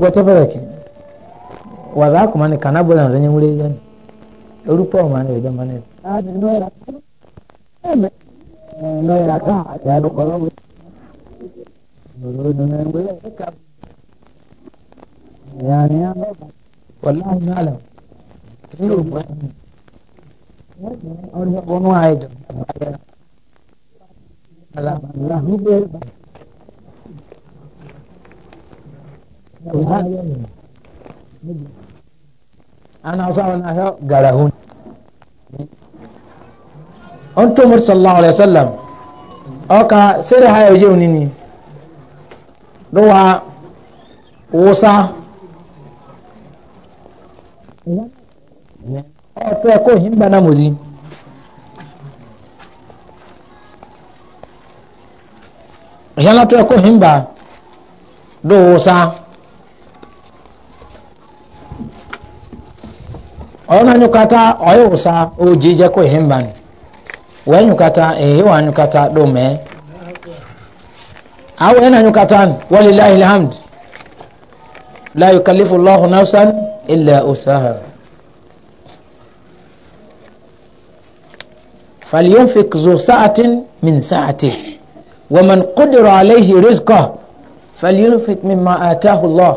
whatever like wadhaku mani kanabula na zenye mule yani ulipo mani ah, eh, ya jamani yani wallahi maalam kisiru kwa onu aido ala Allah ana sa wani ahiyar garahun on tó mọ́tò sallallahu alayhi wa sallam ọkà sẹ́rẹ̀ ha ẹ̀jẹ̀ òní ni lọ́wọ́ wọ́sá ọ̀tọ́ ẹ̀kọ́ yìí ń bá náà mọ̀sí. ona nyukata oye usa ujije ko himban we nyukata eh wa nyukata dome au ena nyukatan walillahi alhamd la yukallifu Allahu nafsan illa usaha فلينفق ذو سعة من سعته ومن قدر عليه رزقه فلينفق مما آتاه الله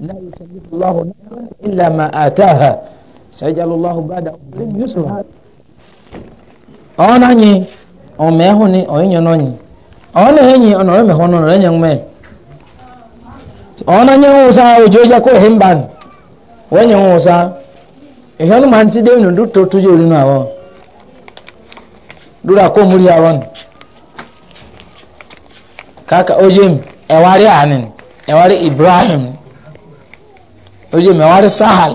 لا يكلف الله نفسا إلا ما آتاها sẹ́jálólọ́hù bàdà ọ̀gbìn yusra ọ̀nà nyi ọ̀mẹ́ hù ni ọ̀nyẹ nọ nyi ọ̀nà ẹ̀nyi ọ̀nà ọ̀rẹ́mẹ̀ hù nọ̀rọ̀ ẹ̀nyẹ mẹ́ ọ̀nà nyẹ hù sá ojú ọ̀sẹ̀ kó ehin ban wẹ́nyẹ hù sá ìhẹ́ ọ̀nà màá ti dé nù dúró tó tójú orí nù àwọ̀ dúró àkó múri àwọ̀ nù kàkà ojú mi ẹ̀wárí àná ẹ̀wárí ibrahim ojú mi ẹ̀wárí sahal.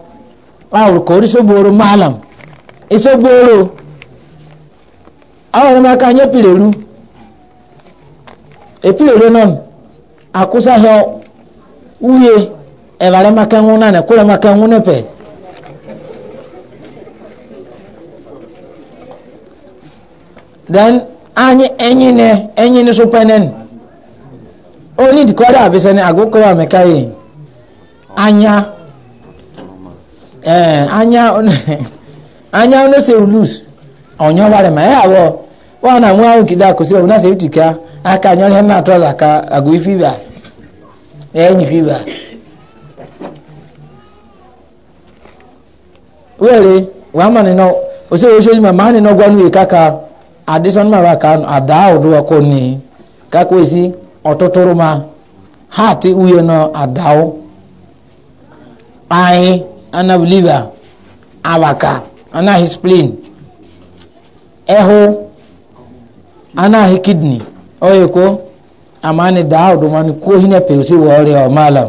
awur kori soboro malam isoboro awur ma ka nye pileru epileru non akusa hɔ uye ɛvare ma ka ŋun nane kura ma ka ŋun ne pɛ then anyi enyi ne enyi ne so pɛ nɛni o ni dikɔda abisɛ ne agogo wa mɛ ka ye anya. Eh, anya anya no se loose onyo bare ma ya eh, wo wa na mu awu kida ko na se utika aka anyo le na trouser ka agu fiba eh ni fiba wele wa ma ni no o se o se ma ana anaboliba abaka anaghị spleen ehụ anaghị kidney oyeko amani daa ọdụmanụ kwuo hi nepe osi wee ọrịa ọmala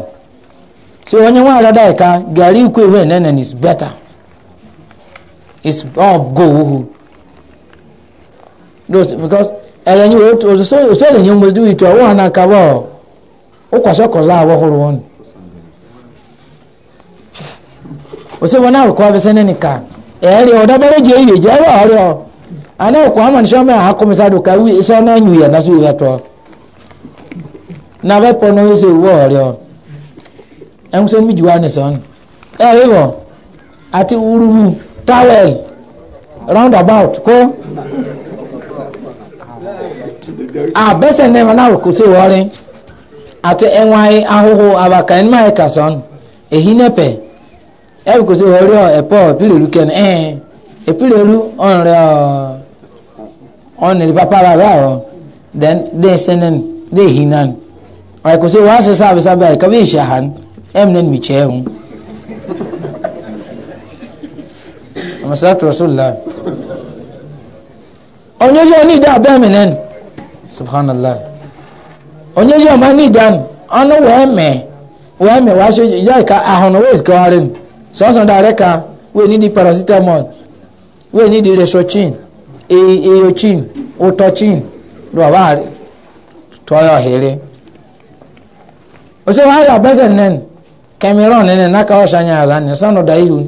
so onye nwa agada ka gari ukwu ewe nenen is better is of go uhu those because ẹlẹnyi wo osoro enyo mgbezi witu ọwụwa na akaba ọ ụkwasị ọkọzọ ahụ ọhụrụ ọnụ ose wọn náà rúkọ abẹsẹ ní nìka ẹẹrẹ ọdọ bẹrẹ jẹ iye jẹ ẹwà ọrẹ ọ àná ọkọ amọnisọ mẹ àkọmísà dùkà wí iṣẹ náà nyù yẹ náà sọ yẹ tọ nàbẹ pọ náà ṣe wọ ọrẹ ọ ẹn sọ mi jù wá nìsọ ẹ ẹ wọ àti wúruwú towel round about kó abẹsẹ náà wọn náà rúkọ ṣe wọ ọrẹ àti ẹwọn abaka ẹni máa ẹ kà sọ ẹhín ẹbí kò sí ọrí ọ ẹpọ ìpìlẹ̀ ìlú kẹni ẹn ìpìlẹ̀ ìlú ọ̀nrẹ́ ọ ọ̀nà pápá rárá ọ then dé sẹ́nẹ̀n dé hinan ọ̀rẹ́ kò sí wọ́n á sẹ́ sábẹ́ sábẹ́ àyíká bí ìṣe àhán ẹ̀m nẹ́ni mi kyẹ́ ẹ̀hún. ọmọsátúrọ̀ sọ̀lá ọ̀nyẹ́jọ́ ní ìdá abẹ́mi nẹ́ni subhanallah ọ̀nyẹ́jọ́ ọmọ ní ìdá ọ̀nà wẹ́ẹ̀mẹ̀ wẹ́ẹ̀mẹ̀ wàá ṣe ìjọ ìka ahọ́nà wẹ́ẹ̀sì kọ́rin. sọsọ dàrẹ kan wíì ní di paracetamol wíì ní di retrochin e, eochin otochin lọ bá ya hìrì ose wàhálà bẹsẹ n'aka ọsha nẹni ala ọsàn yàrá ni sọnù dà ihu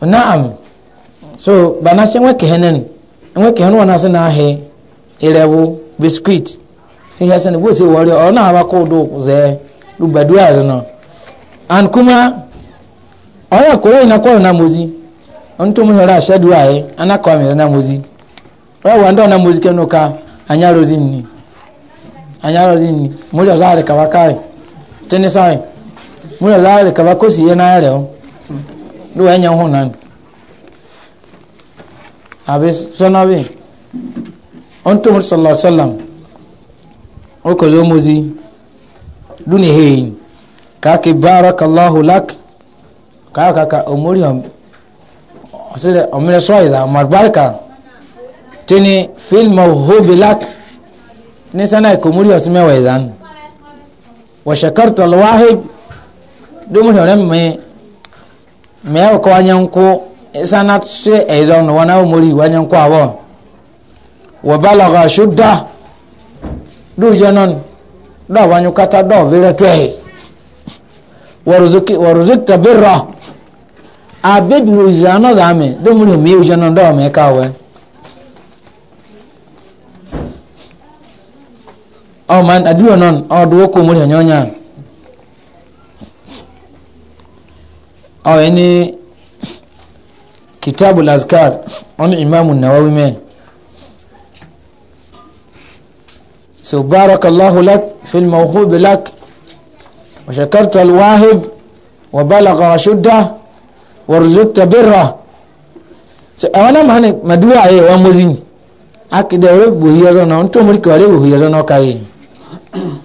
naam so banasi nwekihe nẹni nwekihe nwọn asị na ahị ịrẹwu biskuit si hẹsẹ ni si wọrị ọ na-abakọ ụdọ zee. gbàdúrà rẹ náà and kuma ọ̀rọ̀ kúrò iná kọ́ ọ̀nà mozi ọ̀n tó mú yọrọ àṣẹ́dúrà yẹ anákọ̀ àmì ọ̀nà mozi ọ̀rọ̀ wà ń dọ̀ ọ̀nà mozi kẹ́nu ká anyarozi ni anyarozi ni mo jọ sáré kaba káyì tẹ́ni sáré mo jọ sáré kaba kó sì yẹ náà rẹ̀ ọ́ ló wà ń yẹn hùn náà àbí sọ́nà bẹ́ẹ̀ ọ̀n tó mú sọ̀lọ̀ sọ̀lọ̀ ọkọ̀ yóò mozi luni heyin kaki barakallahu lak kaka ka omori on sire omire so ila marbarka tini fil mawhubi lak ni sana ko muri osme wezan wa shakarta al wahib dumu ne me me ko anyanko sana se ezon wana omori wanyanko abo wa balagha shudda du janon dɔ wanyukata dɔ virɛ tɔɛ wɔrɔzik tabi rɔ a bɛ duro zaa nɔ zaa mɛ domuni mi o zɛnɛ dɔw mɛ man a oh, duro nɔn ɔ duwo ko mo nyɔnyɔ oh, kitabu laskar ɔni imamu nawawi mɛ. so barakallahu lak fil mawhubi lak wa shakarta alwahib wa balagha shudda wa rizqta birra so awana mahane maduwa ayi wa mozin akida re buhiya zona onto muri kare buhiya zona kai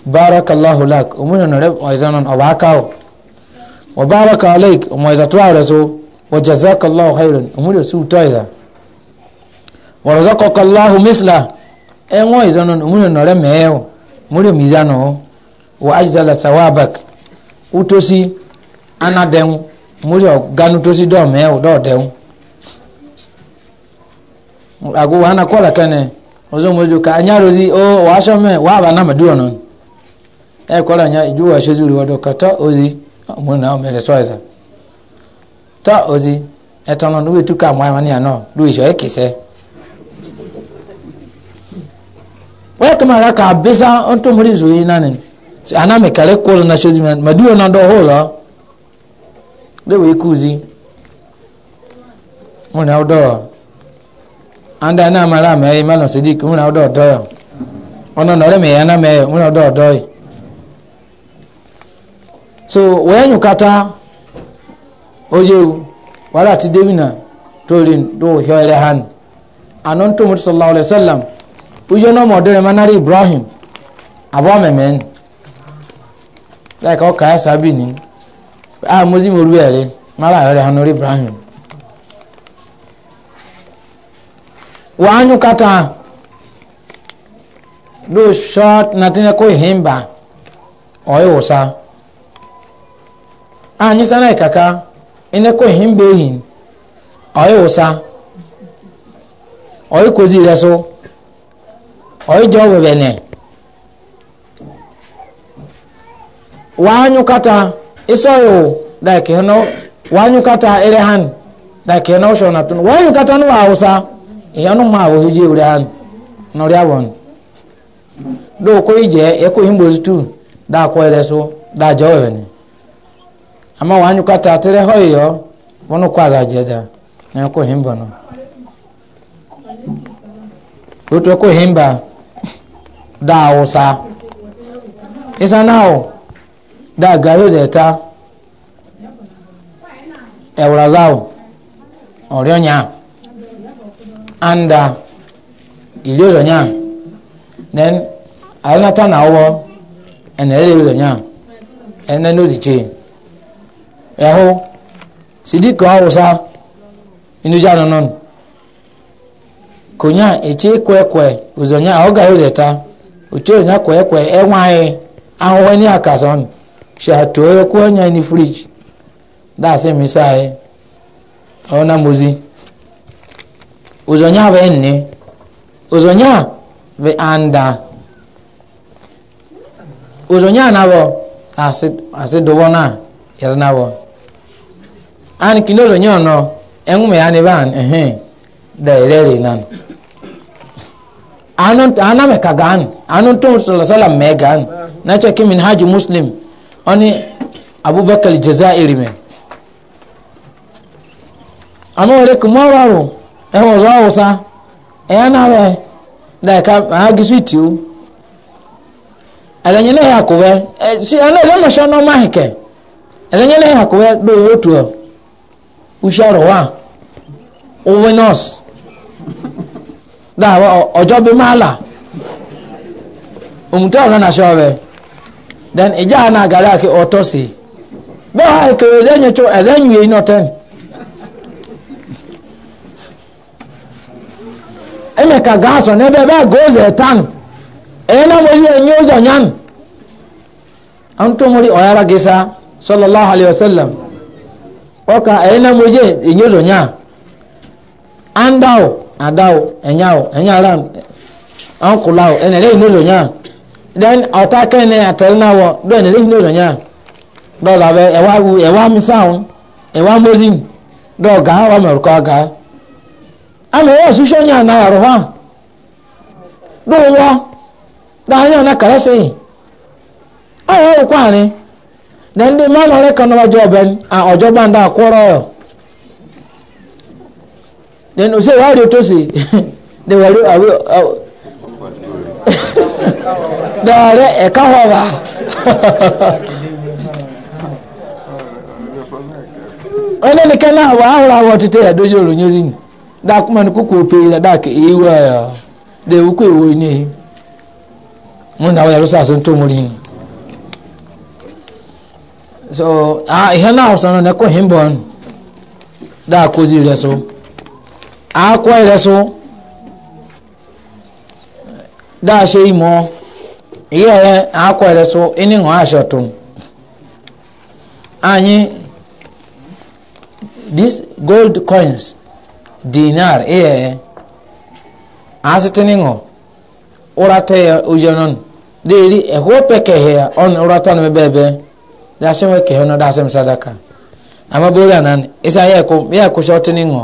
barakallahu lak umuna nare oizanon obakao wa baraka alaik umaiza tuwa raso wa jazakallahu khairan umuri su toiza wa razaqaka allah misla enwo izono mune nore meo mure mizano wa ajzala sawabak utosi anaden mure ganu tosi do meo do den ago wana kola kane ozo mojo ka anyarozi o wa shome wa bana maduo non e kola nya juwa shezuri wado kata ozi muna o mere soiza ta ozi etono e nuwe tuka mwa mani ano duwe sho ekise waya kama ga ka bisa on to muri zuyi nanin si ana me kare ko na shoji man madu na do hola de we kuzi mun na do anda na mara me malon sidik mun na do do ono na re me ana me mun na do do so waya nyukata oje wala ti devina to do hoyre han anon to alaihi wasallam pujo no modere manari ibrahim abo memen like o ka sabi ni a ah, mozi mo ru ere mara ere hanu ibrahim wa anyu kata do short mba ko himba Anyị usa anyi ah, sana ikaka ine mba ohi hin oyo usa oyo ire so. ọjọ wẹwẹnẹ wanyu kata isọyo daki hino wanyu kata ere han daki hino sọ na tunu wanyu kata nu hausa ma awo hujje wuri han nọrí do ko ije eko imbozi tu da ko ere so da ama kata tere hoyo himbo himba. daawo saa isa naawo daa gaayo zeeta ewurazawo oryo nyaa anda iliozo nyaa then alinata naawo enere iliozo nyaa ene nozi chee ɛho sidika awosa inujanonon konya ekyekwekwɛ ozɔnya ahoga zeta ocho nya kwe kwe e nwae ahụwe ni akason shato ya kuwa nya ni fridge da se misae ona muzi uzonya ve nne uzonya ve anda uzonya nabo ase ase na yara nabo an kinozo nyono engume ya ne ban ehe da ilere nan anun aname kagan anun tum sallallahu megan na ce kimin haji muslim oni abubakar jazairi me anu re kuma raro e ho zo awusa e ana be da ka ha gisu tiu alanye na ya kuwe e, si anu le mo shono ma heke alanye na ya kuwe do wotu usharo wa uwe nurse dàbọ ọjọ bíi màálà òmùtẹ ọ̀nà nà sọ rẹ then ìjà àná àgàlẹ́ àkè ọ̀tọ̀ sí i bẹ́ẹ̀ ha ìkèrè ẹ̀dẹ́yìn tó ẹ̀dẹ́yìn yìí náà tẹ́ni. ẹ̀mẹ̀ ka gaasọ̀ n'ẹbẹ̀ bẹ́ẹ̀ góòzù ẹ̀tàn ẹ̀yẹn náà mo yí ẹ̀yìn ọjọ́ nyán. àwọn tó mú rí ọ̀yára gẹ̀ẹ́sà sallallahu alayhi wa sallam ọkà ẹ̀yẹn náà mo yí ẹ̀yìn ọjọ́ nyán. andáwò. adawo enyawo enyaram ankulawo enere inozo nya then ọta kẹne atẹrinawo do enere inozo nya do labẹ ẹwa wu ẹwa misawo ẹwa mozin do ga wa mẹrukọ ga ama ẹwọ susọ nya na yàrá wa do wọ do anya na kàrẹ sẹyìn ọyọ ọkọ àárín then the man ọrẹ kan náà wájú ọbẹ ọjọba ndà kúrọ then you say why do you tosi they were awi awi dɔɔrɛ ɛka hɔ ba ɔlɛ nika na wa ahora awɔ tete ya dojo ro nyozi ni da kuma ni koko pe la da ke ewa ya de wuku ewo ne mo na wa yaro sa so to mo ri so ah ihe na awusa no ne ko himbo da akozi re so akwai su da ṣe ìmọ̀ ìyẹ̀rẹ̀ so? su inú aṣọ tó anyị these gold coins dinar ee asịtị n'ịṅụ ụrata ya ụjọ nọ dịịrị ehụ pekehe ya ọnụ ụrata nọ ebe ebe dasị nwe kehe nọ dasị m sadaka amagbori anan ịsa ya ekwu ya ekwụcha ọtị n'ịṅụ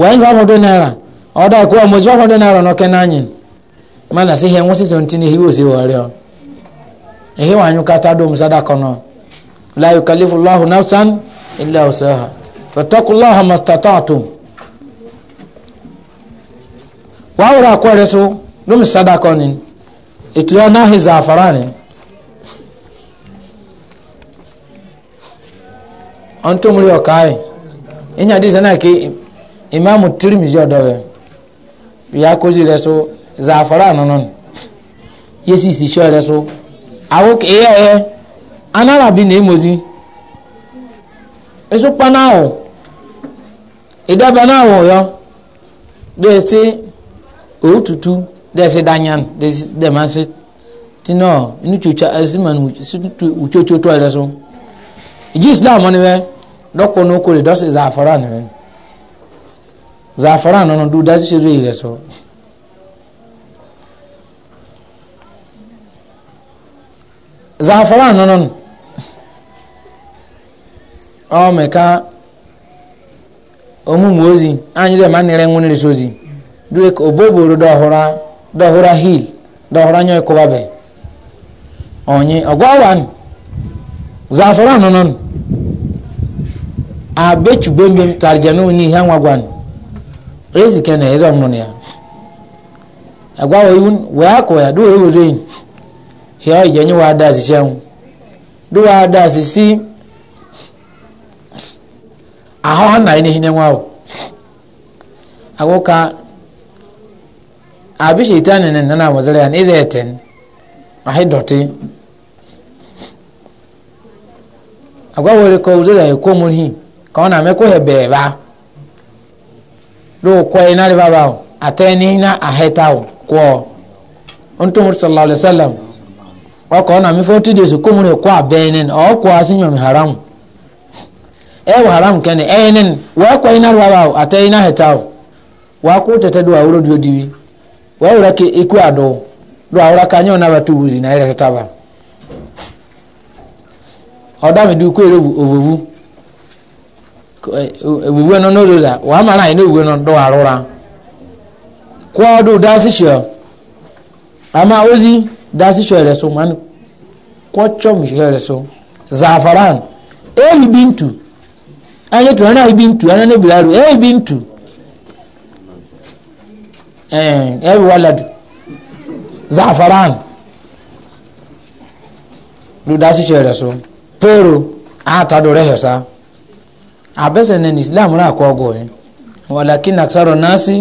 wẹ́n five hundred naira ọ̀dà ẹ̀kọ́ ọmọ sí naira n'ọ̀kẹ́ náà yẹn má nà sí hẹ́ wọ́n sì tó ń tin ehi wò sí wọ́n rí ọ ehi wà nyú kátà dó musa dàkọ́ náà láyò kàlífù lọ́hùn náfsán ilẹ̀ ọ̀sẹ̀ ha fẹ̀tọ́kù lọ́hùn mọ̀sítàtọ̀ àtùm wàá wúrọ̀ àkọ́ rẹ̀ so ni ètò yẹn náà hìzà àfárá ni. ìyẹn àdìsẹ́ náà kí imaamu tirimizi ọ̀dọ̀ rẹ̀ ya kosi rẹ̀ so zaafara nonon yesi si sọ rẹ̀ so awo kee ẹ anara na emozi eso panaawo idabanaawo yọ de si otutu de si danyan de si demasi tinɔ nutsotso esimanu utsotso tɔ rẹ̀ so ìdí islam ni bɛ dɔkpɔ n'oko de dɔsi ni bɛ. zafaran nọ n'ọdún dá sí ṣeré rẹ zaafara zafaran nọ n'ọnù ọmọ ẹka omume ozi anyị dị ma nere nwere nresi ozi due ka oboboro dọhụra dọhụra hil dọhụra nyọ ịkụbabe e onye ọgwawan zafaran nọ n'ọnụ abechubengem tarjanụ n'ihe nwagwanụ ezi kene ezo mno ya agwawo yun we ya do ewo rein he o jenyi wa si seun do wa da si si aho na ine hine wa agoka abi shaitan ne nana wazare an izeten ahi doti agwawo re ko uzere ko hi ka na me ko hebe ba lóòkọ́ iná rí bàbá o àtẹ́ni iná àhẹ́ta o kú ọ ntúmùrú sọlá ọlẹ sẹlẹm ọkọ ọ̀nà mi fọ́tí dèsù kúmùrú kọ́ abẹ́ẹ́nì ọ̀ọ́kọ́ asínyọ̀mí haram ẹ̀wọ̀ haram kẹ́ni ẹ̀yẹ́nì wọ́ọ́kọ́ iná rí bàbá o àtẹ́ iná àhẹ́ta o wọ́ọ́kọ́ tẹ̀tẹ̀ do àwòrán dúró diwi wọ́ọ́wùrẹ́ kí ikú àdó do àwòrán ká nyọ̀ náà bá tó wùzì náà ẹ̀rẹ́ tẹ́tà bá ọ̀dà mi ewuwe eh, nọ n'ododa wàá mara anyị n'ewuwe nọ ndụ arụra kwụọ ọdụ chọọ ama ozi dasịchọ ereso manụ chọọ mịchọ so zafaran eyi bi ntu anyị tụrụ anya ibi ntu anya arụ eyi bi ntu ee ebi waladu zafaran do ereso pero ata do rehosa. abẹ́sẹ̀nẹ́ ní islam rà kọ́ ọgọ́ yẹn eh. wàlákì na násì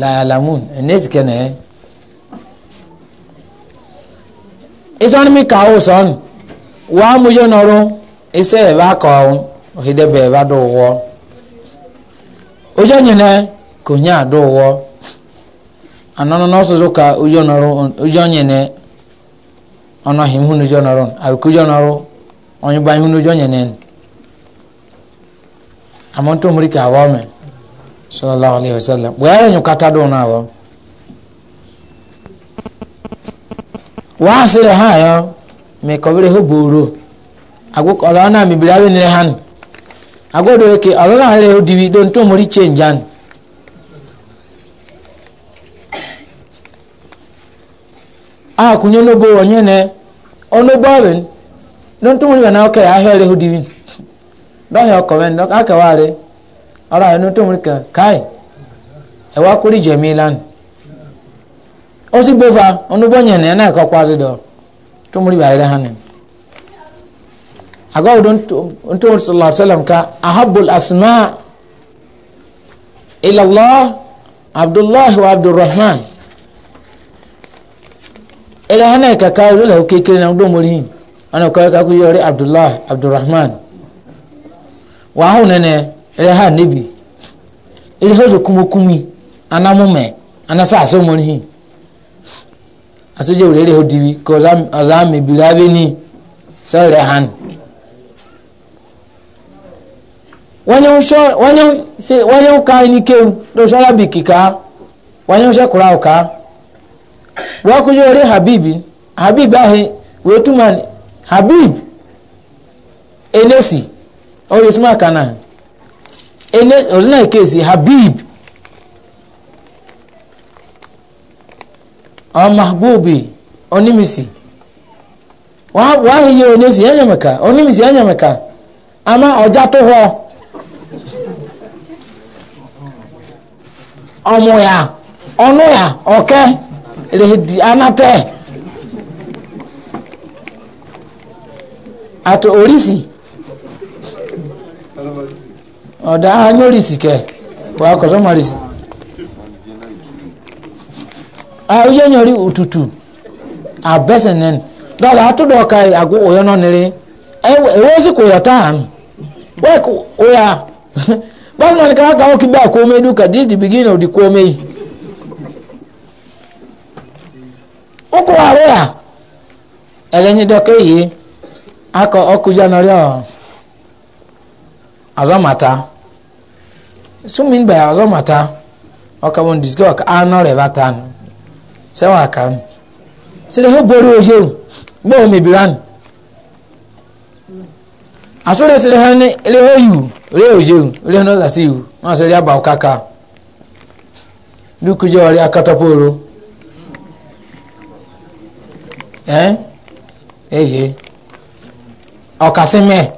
làyàlámùn ẹ̀ní èsì kẹ́nẹ̀ ẹ́. Eh. isọ́ni mi kà ó sọ́ni wàá mú yẹn nọrọ iṣẹ́ ẹ̀ bá kọ́ ka ojú ẹ̀yìn náà ọ̀nà ìhun ojú amon to muri ka wa me sallallahu alaihi wasallam wa ya nyu kata do na wa wa se ha yo me ko bere ho boro ago ko la na mi bi awe ni han ago do ke alo na hele ho diwi do to muri change an a kunyo no bo wonye ne ono bo ben don to muri na o ke ha hele ho diwi dɔhɛ ɔkɔmɛn dɔ aka wa re ɔrɔ ayɛ no tom ka kai ɛwa kuri jɛmi lan ɔsi bofa ɔnu bɔ nyɛ nɛ ɛna ɛkɔ kpa dɔ tomori ba ayɛ hanin agawo don tom sallallahu alaihi wasallam ka ahabul asma ila allah abdullah wa abdurrahman ila hana ka kawo dole ko kekere na do mori ana ko ka ku abdullah abdurrahman wahu nene ele ha nebi ele hozo kumukumi ana mume ana sa so mo ni asoje ure ele hodibi ko zam azami bilabe ni so ele han wanyo sho wanyo se wanyo ka ni kew do so la bikika wanyo se kura oka wa ku yo habibi habib ahe wetuman habib enesi ọrẹ suma kana ene ọdúnà ìkẹsì habib ọmọhabubi onímìsì wàá yẹ onímìsì ẹnyẹmẹka onímìsì ẹnyẹmẹka ama ọjà tó họ ọmọ ya ọnù ya ọkẹ lèdi anatẹ àtò orísìí. ọ̀dà anyórìsì kẹ̀ wà kọ̀sọ́ mọ̀rìsì. òtútù àbẹ́sẹ̀ nẹ́ni dọ́là àtúndọ̀ ka àgó òyọ́ náà sì kò yọ̀ tán wẹ́ẹ̀ kò yà báwo ya ni káwá kí bá kó omi dúkà this di beginning of the kó omi yìí. dọka eyi ọkụ janarị azɔmata sumin bɛ azɔmata ɔka wɔn disike ɔka anɔrɛ ba ta no sɛ wa ka no sɛdeɛ ho bori o sew bɔn mi bira no asore sɛdeɛ ho ne ele ho yiwu ele o sew ele ho lase yiwu wɔn asɛdeɛ aba o kaka duku jɛ ɔre akatɔporo ɛn ehe ɔkasimɛ.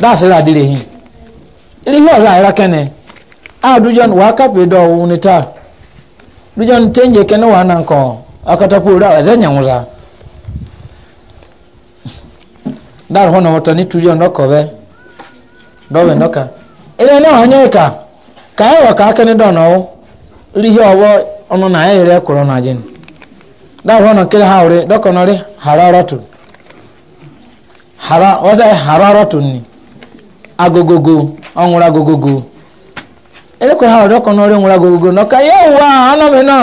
that's it adire iri hin ọ̀rọ̀ a kẹ́nẹ̀ àdújọ́n wàá kápẹ́ dọ̀ ọ̀hún ní ta dújọ́n tẹ́ǹjẹ̀ kẹ́nẹ̀ wàá nà kàn akọ́tàpọ̀ rà ẹ̀zẹ̀ nyẹ̀wò sa dáàrú hàn wọ́tọ̀ ní tuyọ̀ ndọ́kọ̀ bẹ́ dọ́wẹ̀ ilé wọ̀ kẹ́ni dọ̀nà iri ọ̀nà náà náà dáàrú hàn dọ́kọ̀ agogogo ọṅụrụ agogogo elekwara ha ọrịọkọ n'ọrụ nwụrụ agogogo nọ ka ya ụwa anọ m nọ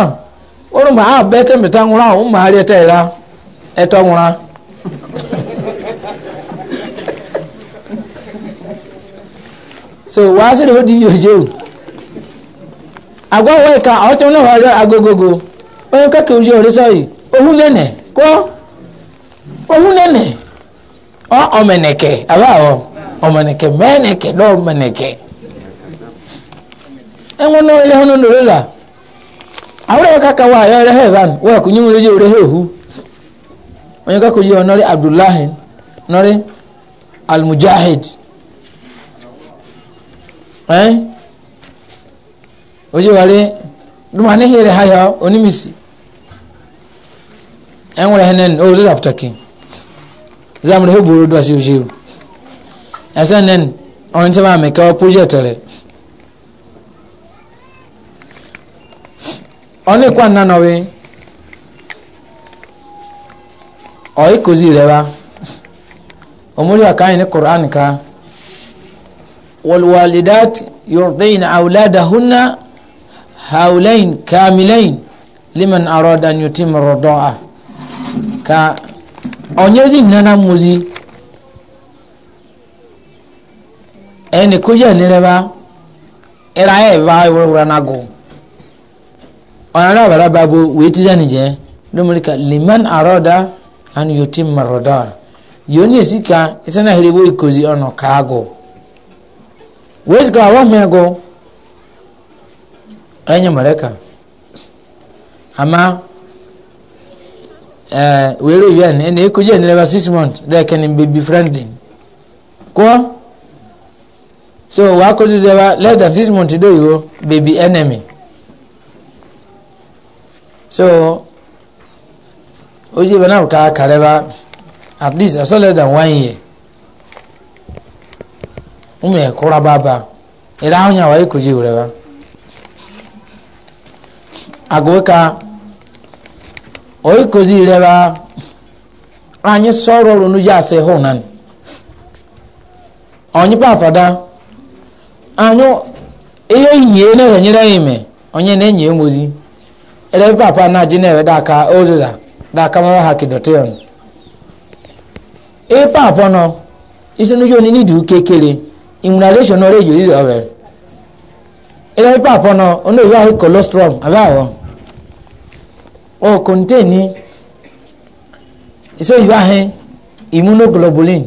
ụrụ ma ahụ bete mbeta nwụrụ ahụ ụmụ ha rieta ịra eto nwụrụ so wa sịrị ó di yòjé agwa ụwa ọ̀wọ́ ìka ọ̀tún náà wọ́n agogogo onye nke kọ́kẹ́ ojú ọ̀rẹ́ sọ́yì ohun nẹ́nẹ̀ kọ́ ohun nẹ́nẹ̀ ọ́ ọ̀mẹ̀nẹ̀kẹ̀ àbáwọ̀. ọmọnìkẹ mẹ́nìkẹ lọ́mọnìkẹ ẹ̀wọ̀n náà ilé ọ̀nà lórí la àwọn ẹ̀ka kan wà ayọ̀ ẹ̀rẹ́hẹ̀ van wọ́n ẹ̀kú yín lóye orí ehu onye kakọ yi ọ̀nọ́rí abdullahi nọ́rí almujahid ẹ̀ oye wàlẹ́ dùmọ̀ aníhìrì ha yà onímìsì ẹ̀wọ̀n ẹ̀hẹ́nẹ́ni ó rí ràpùtàkì zamani hebu rodo asibijiru SNN on ti ma mi ka project rẹ ọni kwa nna nọwe ọyị kuzi rẹ wa omuli wa kanyi ni Qur'an ka والوالدات يرضين أولادهن حولين كاملين لمن أراد أن يتم الرضاعة ka onyezi نانا موزي. ẹni kó yẹ nírẹ́bá ẹ̀rọ ayé ìfà ìwúrọ̀wúrọ̀ náà gò ọ̀nà náà bàrà bá bo wèé tí sẹ́ni jẹ́ lómìnira liman àròdà and yóò ti mọ̀rọ̀dà yóò ní èsì kan ẹsẹ̀ náà hẹ́rẹ́ wó ìkòzí ọ̀nà káàgò wèé sìkà àwọn ọmọ ẹ̀gọ́ ẹ̀yẹ mọ̀rẹ́kà àmà ẹ̀ẹ́ wèé rò yẹn ẹni kó yẹ nírẹ́bá six months dẹ́kẹ́ni baby friendly kọ́. so wa ko jije ba let us this month do yo baby enemy so oje ba na ka kare ba at least aso less than one year ume kura baba ila hanya wa ko ji ure ba agoka oyi ko ji ure ba anyi soro runu ya se honan onyi pa anyụ ihe ehihie na-enyere anyị ime onye na-enyi emozi ere papa na ji na-ewe daka ozuza daka mara ha kidotion ihe papa nọ isi n'uju onini dị uke kere immunization ọrụ eji ozizi ọbịa ere papa nọ onye oyi ahụ colostrum abịa ahụ o konteni isi oyi ahụ immunoglobulin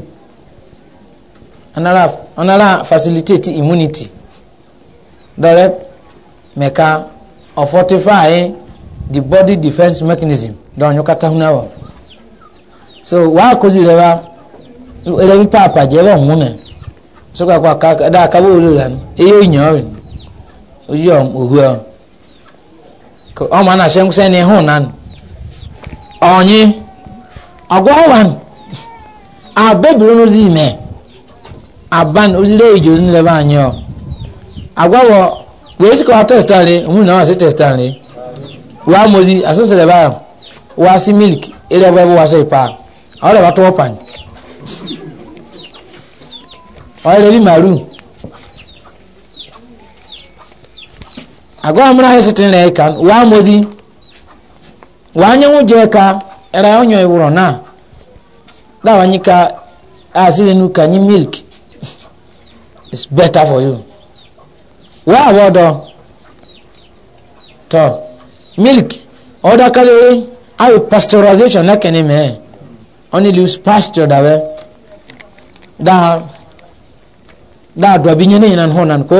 anara onala facilitate immunity dɔlɛ mɛka ɔfortify the body defence mechanism dɔnyo kata huna wa so waa kozi lɛ wa ɛlɛbi paapa jɛ bɛ ɔmo nɛ so kakɔ aka da kaba wolo la eye onyɔ wi oyi ohua ko ɔmo ana hyɛn kusɛn ne ho nan ɔnyi ɔgɔ wa abɛbiri no zi mɛ. aban ozile ijo zinile banyo agwawo wezi ko atestale umu na wase testale wa mozi asosele ba wa si milk ile ba wa se pa ala watu opan ala li maru agwa amra hesetin le kan wa mozi wa ka era onyo na da nyi milk it's better for you wá àwọn ọ̀dọ̀ tọ milk ọ̀dọ̀ kẹlẹ́wé ayò pasteurization lẹ́kẹ̀ẹ́ni mẹ́ẹ̀ only lose pasture dàbẹ́ dáa dáa dọ̀bí nyẹ́ nìyẹn náà hàn nàn kó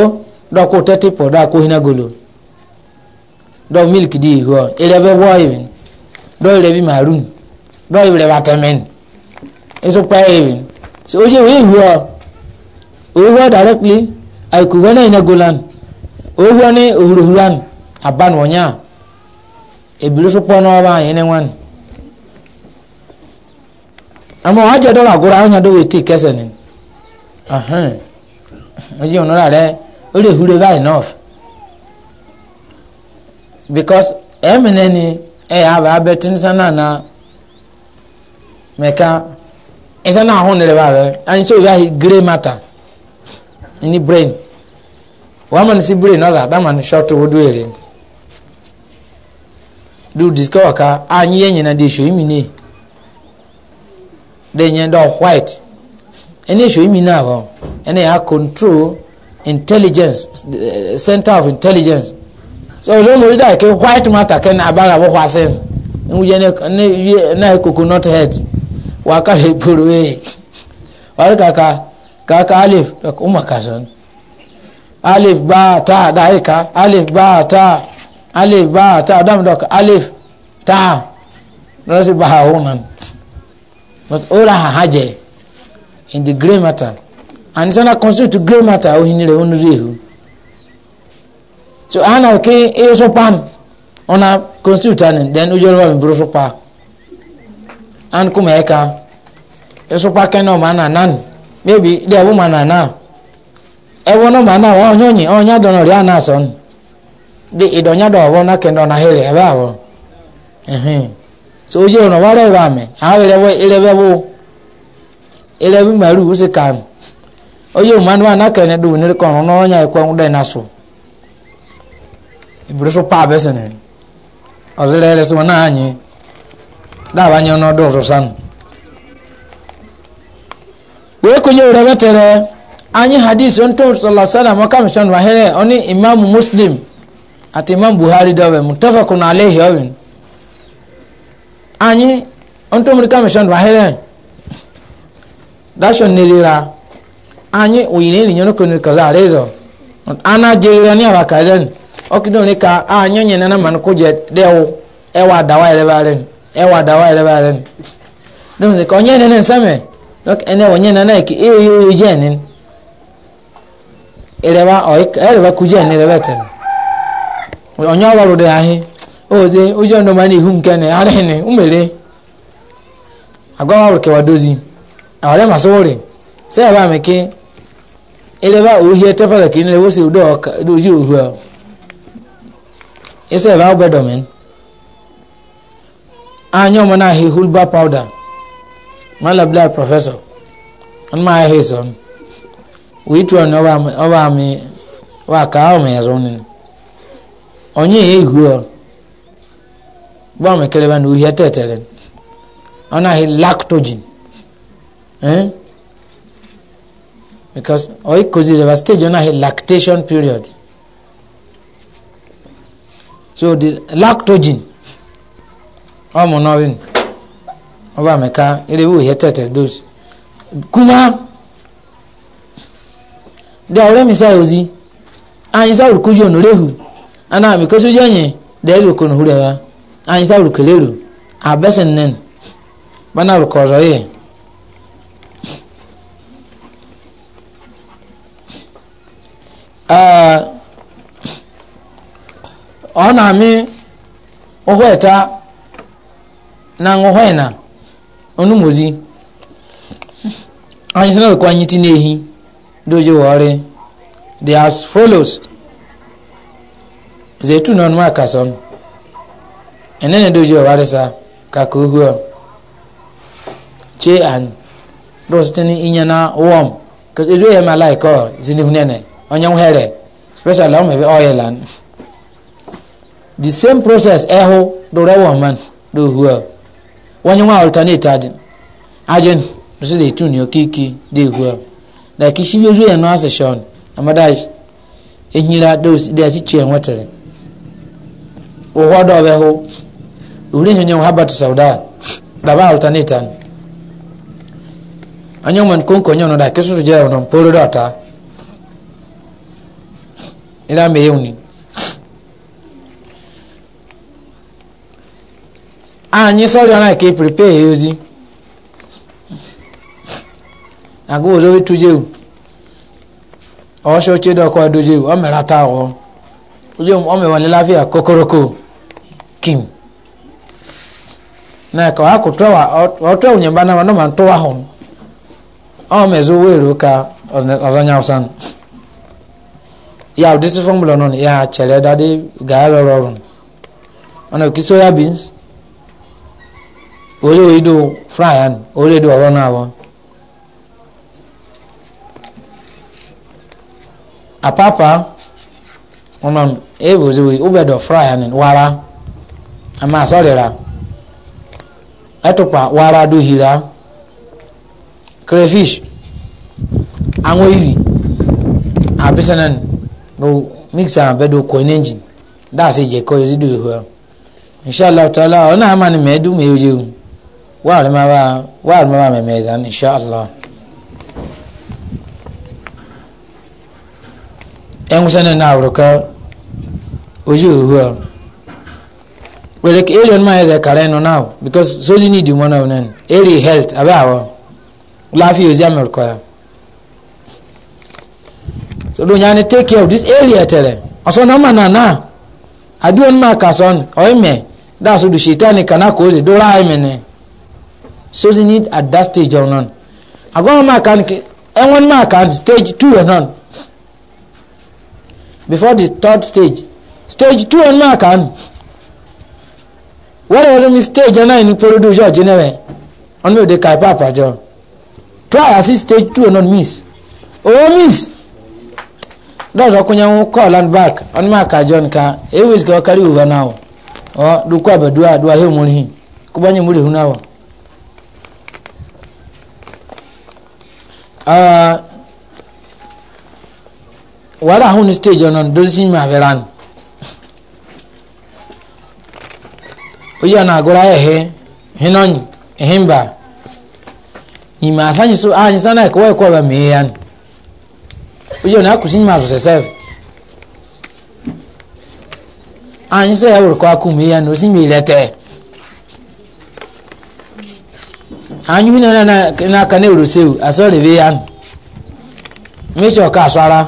dọ̀ kó tẹ́tí pọ̀ dáa kó hinẹ́ golo dọ̀ milk di ìhù ọ̀ ilẹ̀ bẹ́ wọ́ ìwìn dọ̀ ilẹ̀ bí maroon dọ̀ ilẹ̀ bàtẹ́mẹ́ni èso pẹ́ ìwìn ó yẹ ìwé ìhù ọ̀. over directly aikuvana inagulan over ni uhuruhuran aban wonya ebirusu pono aba yene wan ama waje dola gura anya do weti kesenin ahan oje onora re o le hure ba enough because emineni eh, e eh, ya ba betin sana na meka na ba anyị ya matter ni brain wama ni si brain ọla dama ni short wo do ere ni do discover ka anyi ah, yẹn nyina de eso imi ne de nyɛ dɔ white ɛne eso imi na hɔ ɛne oh. ya control intelligence eh, center of intelligence so o lomo da ke white matter kɛ na abaga bɔ hɔ ase ne wuyɛ ne ne na ye coconut head wa ka le boro ye wari kaka kaka alif dok uma kasan alif ba ta da hika alif ba ta alif ba ta dam dok alif ta nasi ba hunan but ora haje in the gray matter and sana constitute gray matter o oh, hinire onu oh, rehu oh. so ana ke e so pan ona constitute an then ujoro ba mburu so pa an kuma eka e so pa kenon mana nan maybe there woman na now ɛwɔ no ma na wɔn nyɔnyi oh, ɔnya oh, dɔn no ria na asɔn de idɔnya dɔn wɔn na kɛntɛn na hele ɛbɛ awɔ ɛhɛn so o yɛ wɔn wɔrɛ ba mɛ awo ilɛ wɔ ilɛ bɛ wo ilɛ bi mɛlu o si ka no o yɛ wɔn ma na kɛntɛn do e ne kɔn no ɔnya ɛkɔ ŋu dɛ na so ibiri so paa bɛ sɛnɛ ɔsi lɛ ɛlɛ so wɔn na anyi daba nyɛ no dɔn so wee kuje urebetere anyị hadis onto sallallahu alaihi wasallam wahere oni imam muslim at imam buhari dawe muttafaqun alayhi awin anyị onto muri kamishan wahere dashon nilira anyị uyine ni nyono kono kaza rezo ana jeira ni abakaden okido ni ka anyo nyene nana man kuje dewo ewa dawa elebaren ewa dawa elebaren dum se konye nene nsame donc ene wonye na na ki e yo je ni ere wa o ere wa ku je ni re bete onye wa ro de ahi oze oje no ma ni hu nke ne are ni umere agwa wa ke wa dozi awale masori se ba me ke ere wa o hie te pa ke ni wo se do ka do ji o hu ese ba gbedo anyo mo na hi hulba powder mala bila professor an ma he son wi tu on oba oba mi wa ka o me zo ni onye e hu o ba me kele ban wi tetere ona he lactogen eh because oi kozi the stage ona he lactation period so the lactogen ọmọ náà wí ni ọba mẹka erebu yẹ tẹtẹ dos kuma de awore mi sa ozi anyi sa oruku jo norehu ana mi koso jenye de elu kono hurewa anyi sa oruku lero abesen nen bana oruku ọzọ yẹ. ọ na-amị ụhụ ịta na ngụhụ ịna ọnụ mozi anyị sị na ọkwa anyị tinye ehi doje wọrị dị as follows zetu na ọnụma kasọn enene doje wọrị sa ka ka ohu a che an dọsịtị n'inye na wọm kọsị ezu ehe ma laik ọ zi n'ihu nene onye nwere special ọmụ ebe ọ yela the same process ehu dọrọ wọman dohu a wọnyi wọn alternate tadi ajen nusu de tu ni kiki de gwa a da kishi bi ozu yẹn no ase shon amada enyira do de asi kye nwotire wòhɔ dɔ be ho owurɛ nyɛ wɔ habatu sauda da ba alternate tan anyo man kon ko nyono da kesu je ono polo data ɔta ila mbɛ anyị sọrọ na ka prepare ya ozi agụ ozo tujewu ọsọ chedo ọkọ dojewu ọ mere ata ọ oje ọ mewale lafia kokoroko kim na ka akụ tọwa ọtọ onye mba na ma ntụwa hụ ọ mezu wero ka ọzọnya ọsan ya ụdịsị fọmụla nọ ya chere dade gaa rọrọ ọrụ ọ na-ekisi soya beans olórí idó fúráyàn olórí idó ọ̀rọ̀ náà wọ́n. apapa ɔnɔn ebuziwi ubedɔ fúráyàn wara ama asɔrira ɛtupa wara duhira crayfish anwó iri abisanan do mixer abedo coin engine daasi jẹ kọ yezi do ihu a inshallah taala ọ náà ama ni mẹẹdu mẹẹdu yẹwu. waalima baa memeezan insha allah engusane naawruka ojuuhua welek elion ma ede kareno naaw because sozi nidi monaw nen eri health abaawo laafi ozi amerkoya so do nyaani take care of this area tere oso noma na na aduon ma kason oime daasu du shitani kana kozi do ne something need at that stage or none agbọn maa kan ẹwọn maa kan stage two or none before the third stage stage two or maa kan wọ́n rẹ̀ mi stage náà ní polo dùn ṣọ́ọ̀jì náà rẹ̀ wọ́n mi ò de ka ipa àpàjọ try as stage two or none miss Oh miss dọ́ọ̀dọ́ kúnyẹ́ ń kọ́ land back wọ́n mi àkàjọ nìkan èyí wíṣkì ọ̀kárí òwúrọ̀ náà ọ̀ dùkú àbẹ̀dúrà àdúrà yóò múrin kó bá yẹn múrin hùn náà wọ̀. Uh, wàhálà ahun ní stage ọ̀nà ndósí mi àbẹ̀rẹ̀ na oyi àná àgọ́rọ̀ ayẹ̀hẹ́ hinọ́nyì ẹ̀hìnbà nyìmọ̀ àsányì so àhànyìsá náà ẹ̀kọ́ ẹ̀kọ́ ọ̀bà mìíràn ni oyi àná akùsí nyìmọ̀ àsọ̀sẹ̀ sẹ́f àhànyìsá ẹ̀wọ̀rọ̀ kọ́ akùn mìíràn yá anyumi na na na ka na eurosew asọ rebe ya mmesọ ka asọ ara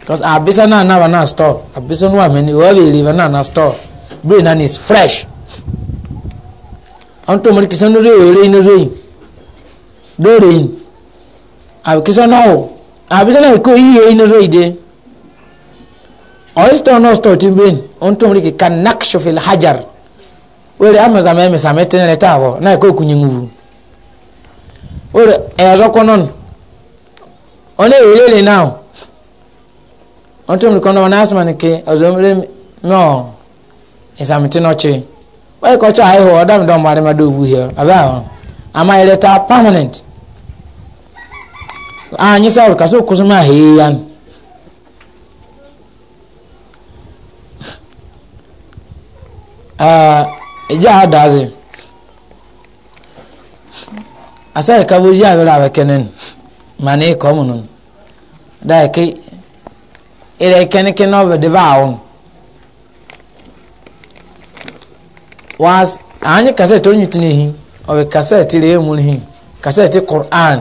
because abisa na anaba na store abisa nwa meni wọ́n lè rí na na store brain na is fresh ọ̀n tó mọ̀ kìsọ́ ní rèé rèé ní rèé lóòrè yìí àbíkísọ́ náà o àbísọ́ náà kò yí rèé ní rèé dé ọ̀yẹ́sítọ̀ náà store ti brain ọ̀n tó mọ̀ kì kan hajar wele amazama emisama etenere taabo naye kokunye nguvu wele eyazokonon one ewelele nao ontumlikono onasimanike ozomle mio esamitinoche waikocha aiho odamidomaremadobuhio abao ama eleta permanent anyisaulu kasukusuma heyani uh, ìjà ha dàazì asa yẹ kabo yi awere awekene no ma ne kọ mu no da yẹ e ke ẹrẹ kẹneke na ọbẹ de ba awo no waas anyi kasẹti onyi tu ne hi ọbẹ kasẹti re emu ne hi kasẹti kur'an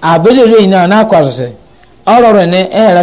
abejere yi na ọ na akọ asọsẹ ne ẹ yẹra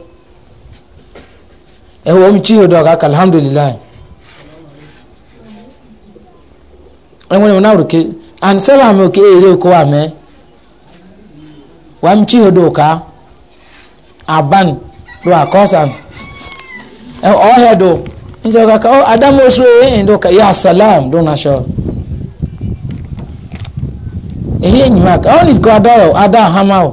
ɛwɔ eh, mu kyi hodo aka alhamdulilahi eh, ɛwɔn mu n'awuruki ansala mi oke eyi eh, oko amɛ wa mu kyi hodo ka aban do akɔsan ɛwɔ ɔhɛ do nse kaka ɔ adamu osu oye ndụ ka ya salam do na sɔ ehi enyima ka ɔni oh, ko ada o ada hama o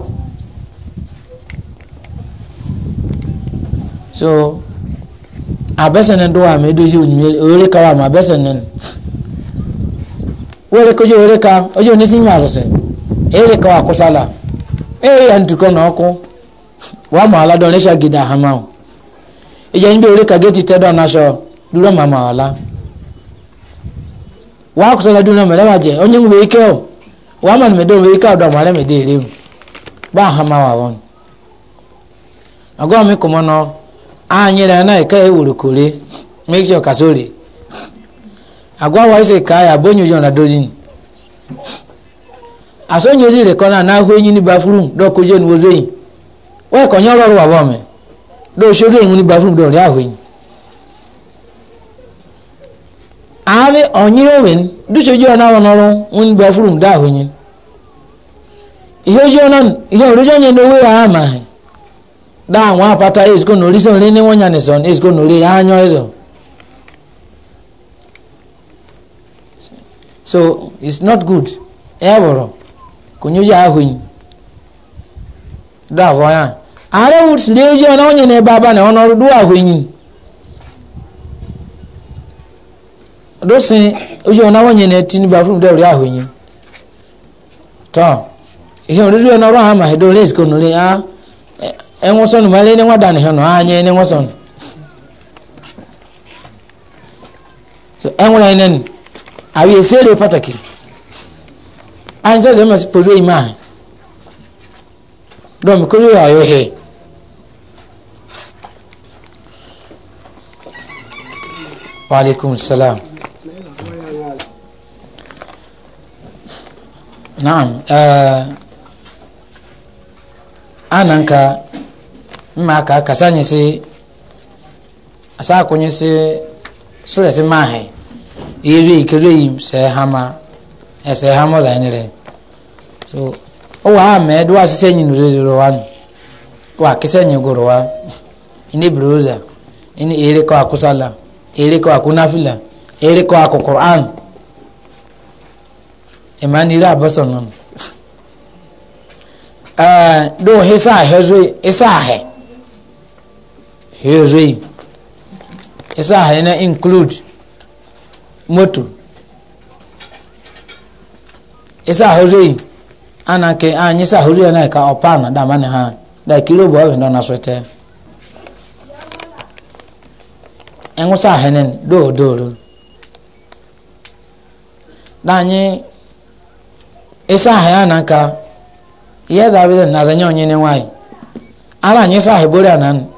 so. abɛsɛnɛ do wa mɛ edozi onyimie owele ka wa mɛ abɛsɛnɛ wele ko owele ka oye onisi nyuma asɔsɛ ewele ka wa kɔsala eye ya ntukɔ na ɔkɔ wa mɔ ala dɔn lɛsɛ gida hama o edze anyi bi owele ka geti tɛ dɔn nasɔ duro ma ma ɔla wa kɔsala duro mɛ lɛba jɛ onye ŋu bɛ ike o wa ma mɛ dɔn bɛ ike o ma lɛ mɛ de ere o ba hama wa wɔn agɔ mi kɔmɔ nɔ. anyere na ka ewurukure make sure kasori agwa waise kaya bonyo jo na dozin asonyo zile kona na hu enyi ni bathroom do ko je enyi wa we ko ọrụ ọrụ baba me do shoro enyi ni bathroom do ri ahu enyi ave onyo wen du sojo na won orun un bathroom da ahu enyi ihe jo non ihe rojo nyen do we wa daa nwa apata eziko n'enweghị so nri n'inwonya nison eziko nori so it's not good eboro kunyuja ahunyi daa voya are would leo je na onye na ebe aba na ono du ahunyi dosi oje na onye na tin bathroom de ori ahunyi ihe oriru ha nori enwuson mali ne wadan he no anye ne enwuson so enwura inen awi esere pataki an so dem spodo ima do mi kuri ayo he wa alaikum salam na'am eh ananka mma ka kasa nyese asa akonyese sorese mahe ere ikere yim sɛ hama ɛsɛ e hama ɔla ne rɛ so ɔwɔ ha mɛ e do asese nyi nure zoro wa no wa kese nyi goro wa ini broza ini ere kɔ akusala ere kɔ akunafila ere kɔ akokoran emmanuel abɔsɔn nono ɛɛ do hisa ahɛ zo hisa ahɛ. heroin isa ha na include moto isa heroin ana ke anyi ah, sa heroin na ka opana da mane ha da kilo bo we na swete enwu sa henen do do do da anyi isa ha na ka ye da bi na zanya onye ne nwai ara anyi sa hebori anan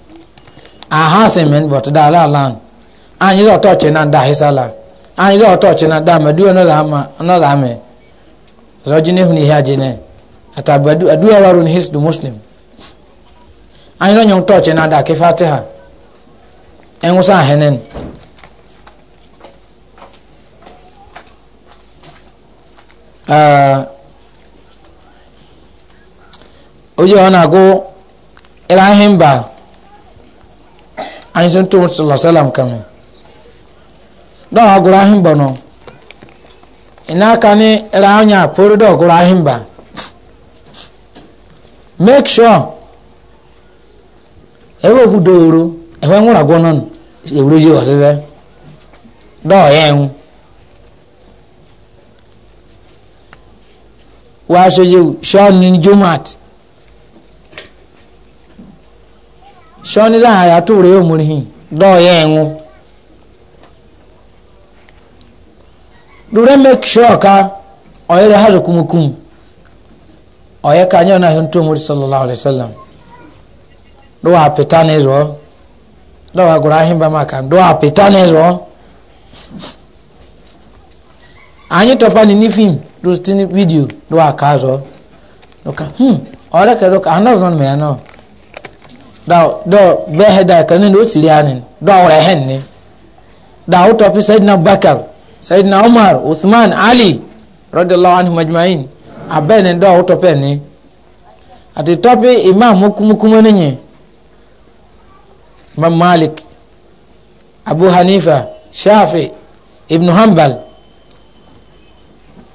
aha semen but da la lan anyi do touch na da hisala anyi do touch na da madu no la ma no la me rojine huni hajine atabadu adu warun hisdu muslim anyi do nyong touch na da ke fatiha engusa henen ah oje ona go ila himba anyị sị ntụ sọlọ salam kame dọọ agụrụ ahịm nọ ịnaka ni ra anya pụrụ dọọ agụrụ ahịm ba make sure ebe okwu dọọrọ ebe nwụrụ agwọ nọ ewuru ji dọọ ya enwu wàá sọ yẹwu sọ ni shoni za haya tu hin murihi do yengu dure make sure ka oyere hazo kumukum oye ka nyona huntu muri sallallahu alaihi wasallam do apetane zo do agura himba maka do apetane zo anyi topani ni film do stini video do akazo do ka hmm ore ka do ka anos non me ano dao dao behe da kanin o sirianin dao rehen ni dao topi sayyidina bakar sayyidina umar usman ali radiyallahu anhu majma'in abene dao tope ni ati topi imam mukumukumo ninyi imam malik abu hanifa shafi ibn hanbal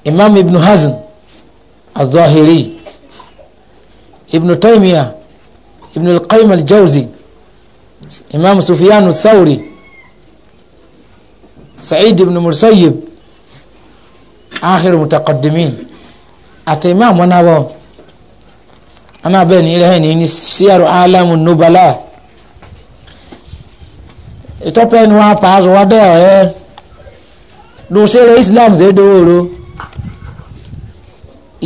imam ibn hazm الظاهري ابن تيميه ibn al-qayyim al-jawzi imam sufyan al-thawri sa'id ibn musayyib akhir mutaqaddimin àti imam wọn náà ana bẹ́ẹ̀ ni ilẹ̀ ní ní síyàrú alamu nubala ìtọ́pẹ́ ni wọ́n apá aṣọ wa dẹ́ ọ̀ẹ́ dùsẹ̀rẹ̀ islam ṣe dòwòrò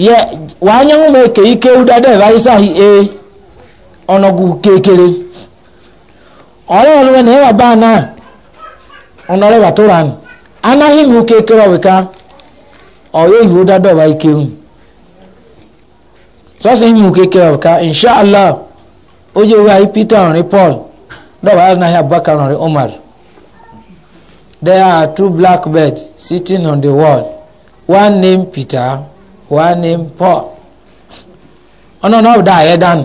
yẹ wàá nyẹ́ wọn mọ̀ èkéyìí kéwú dáadáa ìbáyé sáà yìí ee. Eh ọ̀nàgù kékeré ọ̀rẹ́ ọ̀rẹ́ ní ẹ̀wà báà náà ọ̀nà ọ̀rẹ́ wà tó rà ní anáhìn mú kékeré ọ̀wẹ̀ká ọ̀rẹ́ ìlú dádọ̀ wáyé kéwù sọ́sì ń mú kékeré ọ̀wẹ̀ká inṣàlá ó yẹ wáyé peter ọ̀rẹ́ paul dọ̀wà yàrá abubakar ọ̀rẹ́ omar there are two black birds sitting on the wall one named peter one named paul ọ̀nà náà dá ayé dànù.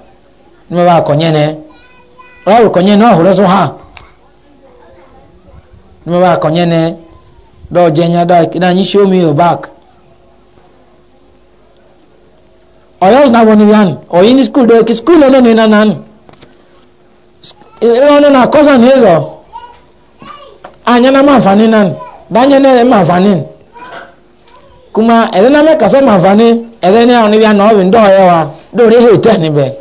mme ba akɔnyɛ nɛ ɔyɛ akɔnyɛ nɛ ɔhoro so ha mme ba akɔnyɛ nɛ dɔw jɛnya dɔw na nyi show me your back ɔyɛ ɔyɛ na wɔn yan ɔyɛ ni school dɔw ki school lɛ ne na nan ɛwɔ e, e ne e na kɔsa ne zɔ anya na ma nfani nan banya ne yɛ ma nfani kuma ɛdɛ na mɛ kasa ma nfani ɛdɛ ne yɛ ɔne bi anɔ ɔbi ndɔ ɔyɛ wa dɔw ne yɛ tɛ ne bɛ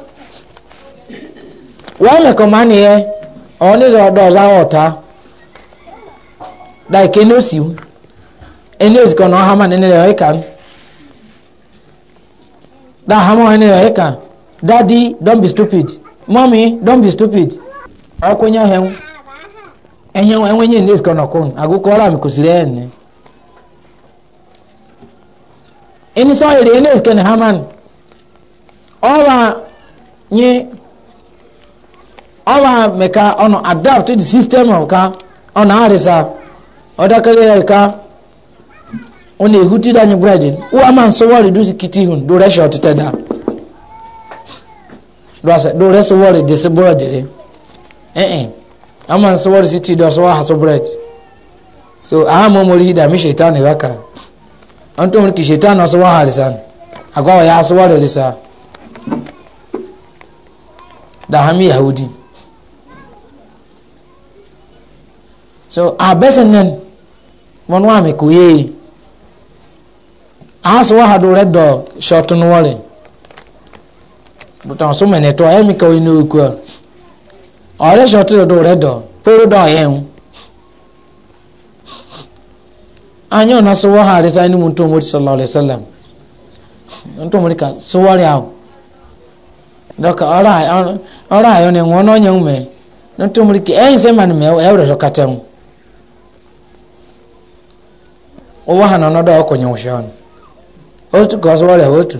wọ́n lẹ̀kọ́ máa nìyẹn àwọn oníṣẹ́ ọ̀dọ́ ọ̀sán ọ̀tá dàìké ní òsì ẹni òsì kan náà hama nínú ẹ̀rọ ìka dá hama nínú ẹ̀rọ ìka dadi don be stupid mọ́mí don be stupid ọkùnrin ẹ̀hún ẹ̀hún ẹ̀hún ẹ̀yìn ní òsì kan náà kún àgùkọ ọ̀làmì kò sí lẹ́yìn ni ẹni sọ èrè ẹni òsì kan ní hama ọ̀rọ̀ yẹn awa meka ono adapt to the system of ka ono arisa odakale ya ka ono ehuti danyi bread uwa man so wali dusi kiti hun do resho tuteda do asa do reso wali disi bread eh eh aman so wali siti do so haso bread so aha mo mo lihida mi shaitani e waka anto mo ki shaitani so wa halisan agwa ya so wali lisa da hami yahudi so abɛsɛn nɛn wɔn wa mi ko yie ahaso wa ha do red dog short no wɔre buta so mɛnɛ to ɛmi ka oyin n'oku a ɔre short do do red dog poro do ɔyɛn anya ona so wa ha resa ni mu nto mo sallallahu alaihi wasallam nto mo ka so wɔre a dɔka ɔra ɔra ayɔ ne ŋɔ n'ɔnyɛ ŋmɛ nto mo ka ɛyin sɛ ma ne mɛ ɛwura so kata ŋu. uwahan onodo okonye ushon otu ka ọsụwara otu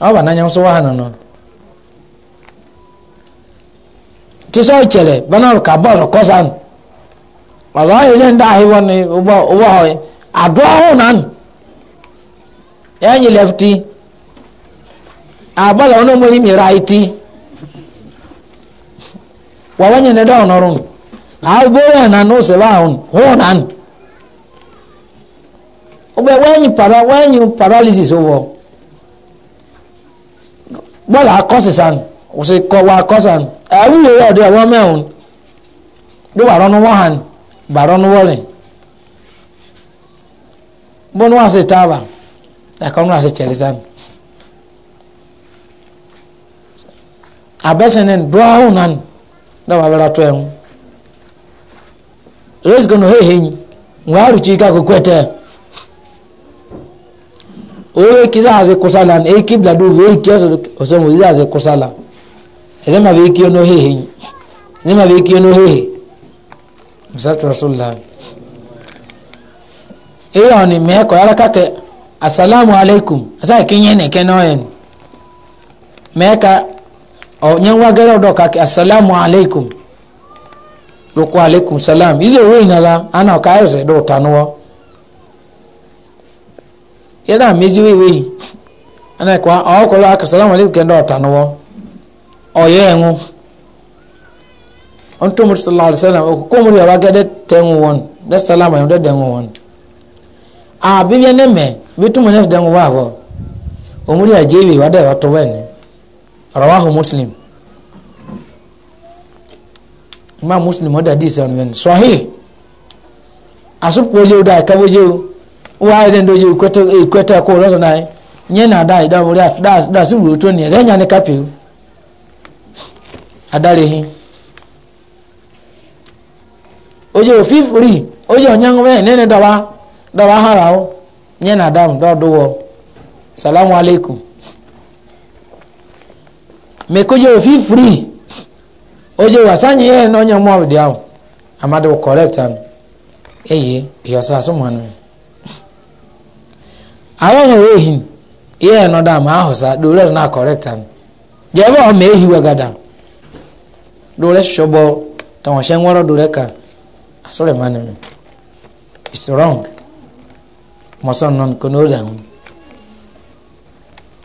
ọ bụ n'anya nsụwa ha nọ tisọ chere banal ka bọọsụ kọsan ọzọ ọhịa ihe ndị ahụ ịwọ n'ụgbọ ụgbọ ọhịa adụ ọhụụ na nụ enyi lefti agbala ọnụ mmiri mere aiti wawanye na ndị ọhụrụ ahụ bụ onye na n'usoro ahụ hụ na nụ But when you para when you paralysis over bọ́ọ̀lù akọ́sísan one kọ́wọ́ akọ́sán àwùjọ yóò one ọwọ́ But bí one rọ́nu wọ́n hàn bàá rọ́nu wọ́ọ̀lì bọ́ọ̀nù wà sí tábà ẹ̀kọ́nù wà sí chẹ̀lísán. abẹ́sẹ̀nẹ̀ dúráhùn náà dáwọ̀ abẹ́rẹ́ Let's go rẹ́sìkọ́nù hẹ́hẹ́ yìí We are rùchí ká go ẹ̀tẹ́ ẹ̀ oye kizahaze kusala e kibla du oye kiyaso osomo zizahaze kusala ede ma veki ono hehe ede ma veki ono hehe misatu rasulullah eyo ni meko yala kake assalamu alaikum asa kinye ne kenoyen meka o nyanwa gero do kake assalamu alaikum loko alaikum salam izo we inala ana ka ayose do tanuwa yɛda mezi weiwei ana kwa ɔkɔlɔ akasalamu alaikum kɛndɛ ɔtanu wɔ ɔyɛ ɛŋu ɔntum sallallahu alaihi wasallam ɔkɔmu yaba gɛdɛ tɛŋu wɔn dɛ salamu ɛŋu dɛ dɛŋu wɔn a bibiɛ ne mɛ bitumu ne dɛŋu wɔ abɔ ɔmuli ajebi wadɛ ɔtɔ wɛ ni rawahu muslim ima muslim ɔda di sɛ ɔnu wɛ ni sɔhi asopɔ yewu da akawo yewu wa zan doji ikweta ikweta ko rozo nai nye na dai da wuri da da su ruto ne zan ya ne kafe adare hin oje o fi free oje onyan we ne ne dawa dawa harao nye na dam do dowo salamu alaikum me ko o fi oje wasanyi ye no nyan mo abdi awo amade correct am eye biasa so mo anu aranyi wehin ihe anọda ama ahụsa dore na kọrektan jebe ọ ma ehi wegada dore shobo tawashe nwere dore ka asọrọ ah, mmanụ m it's wrong mọsọ nọ nke n'oge ahụ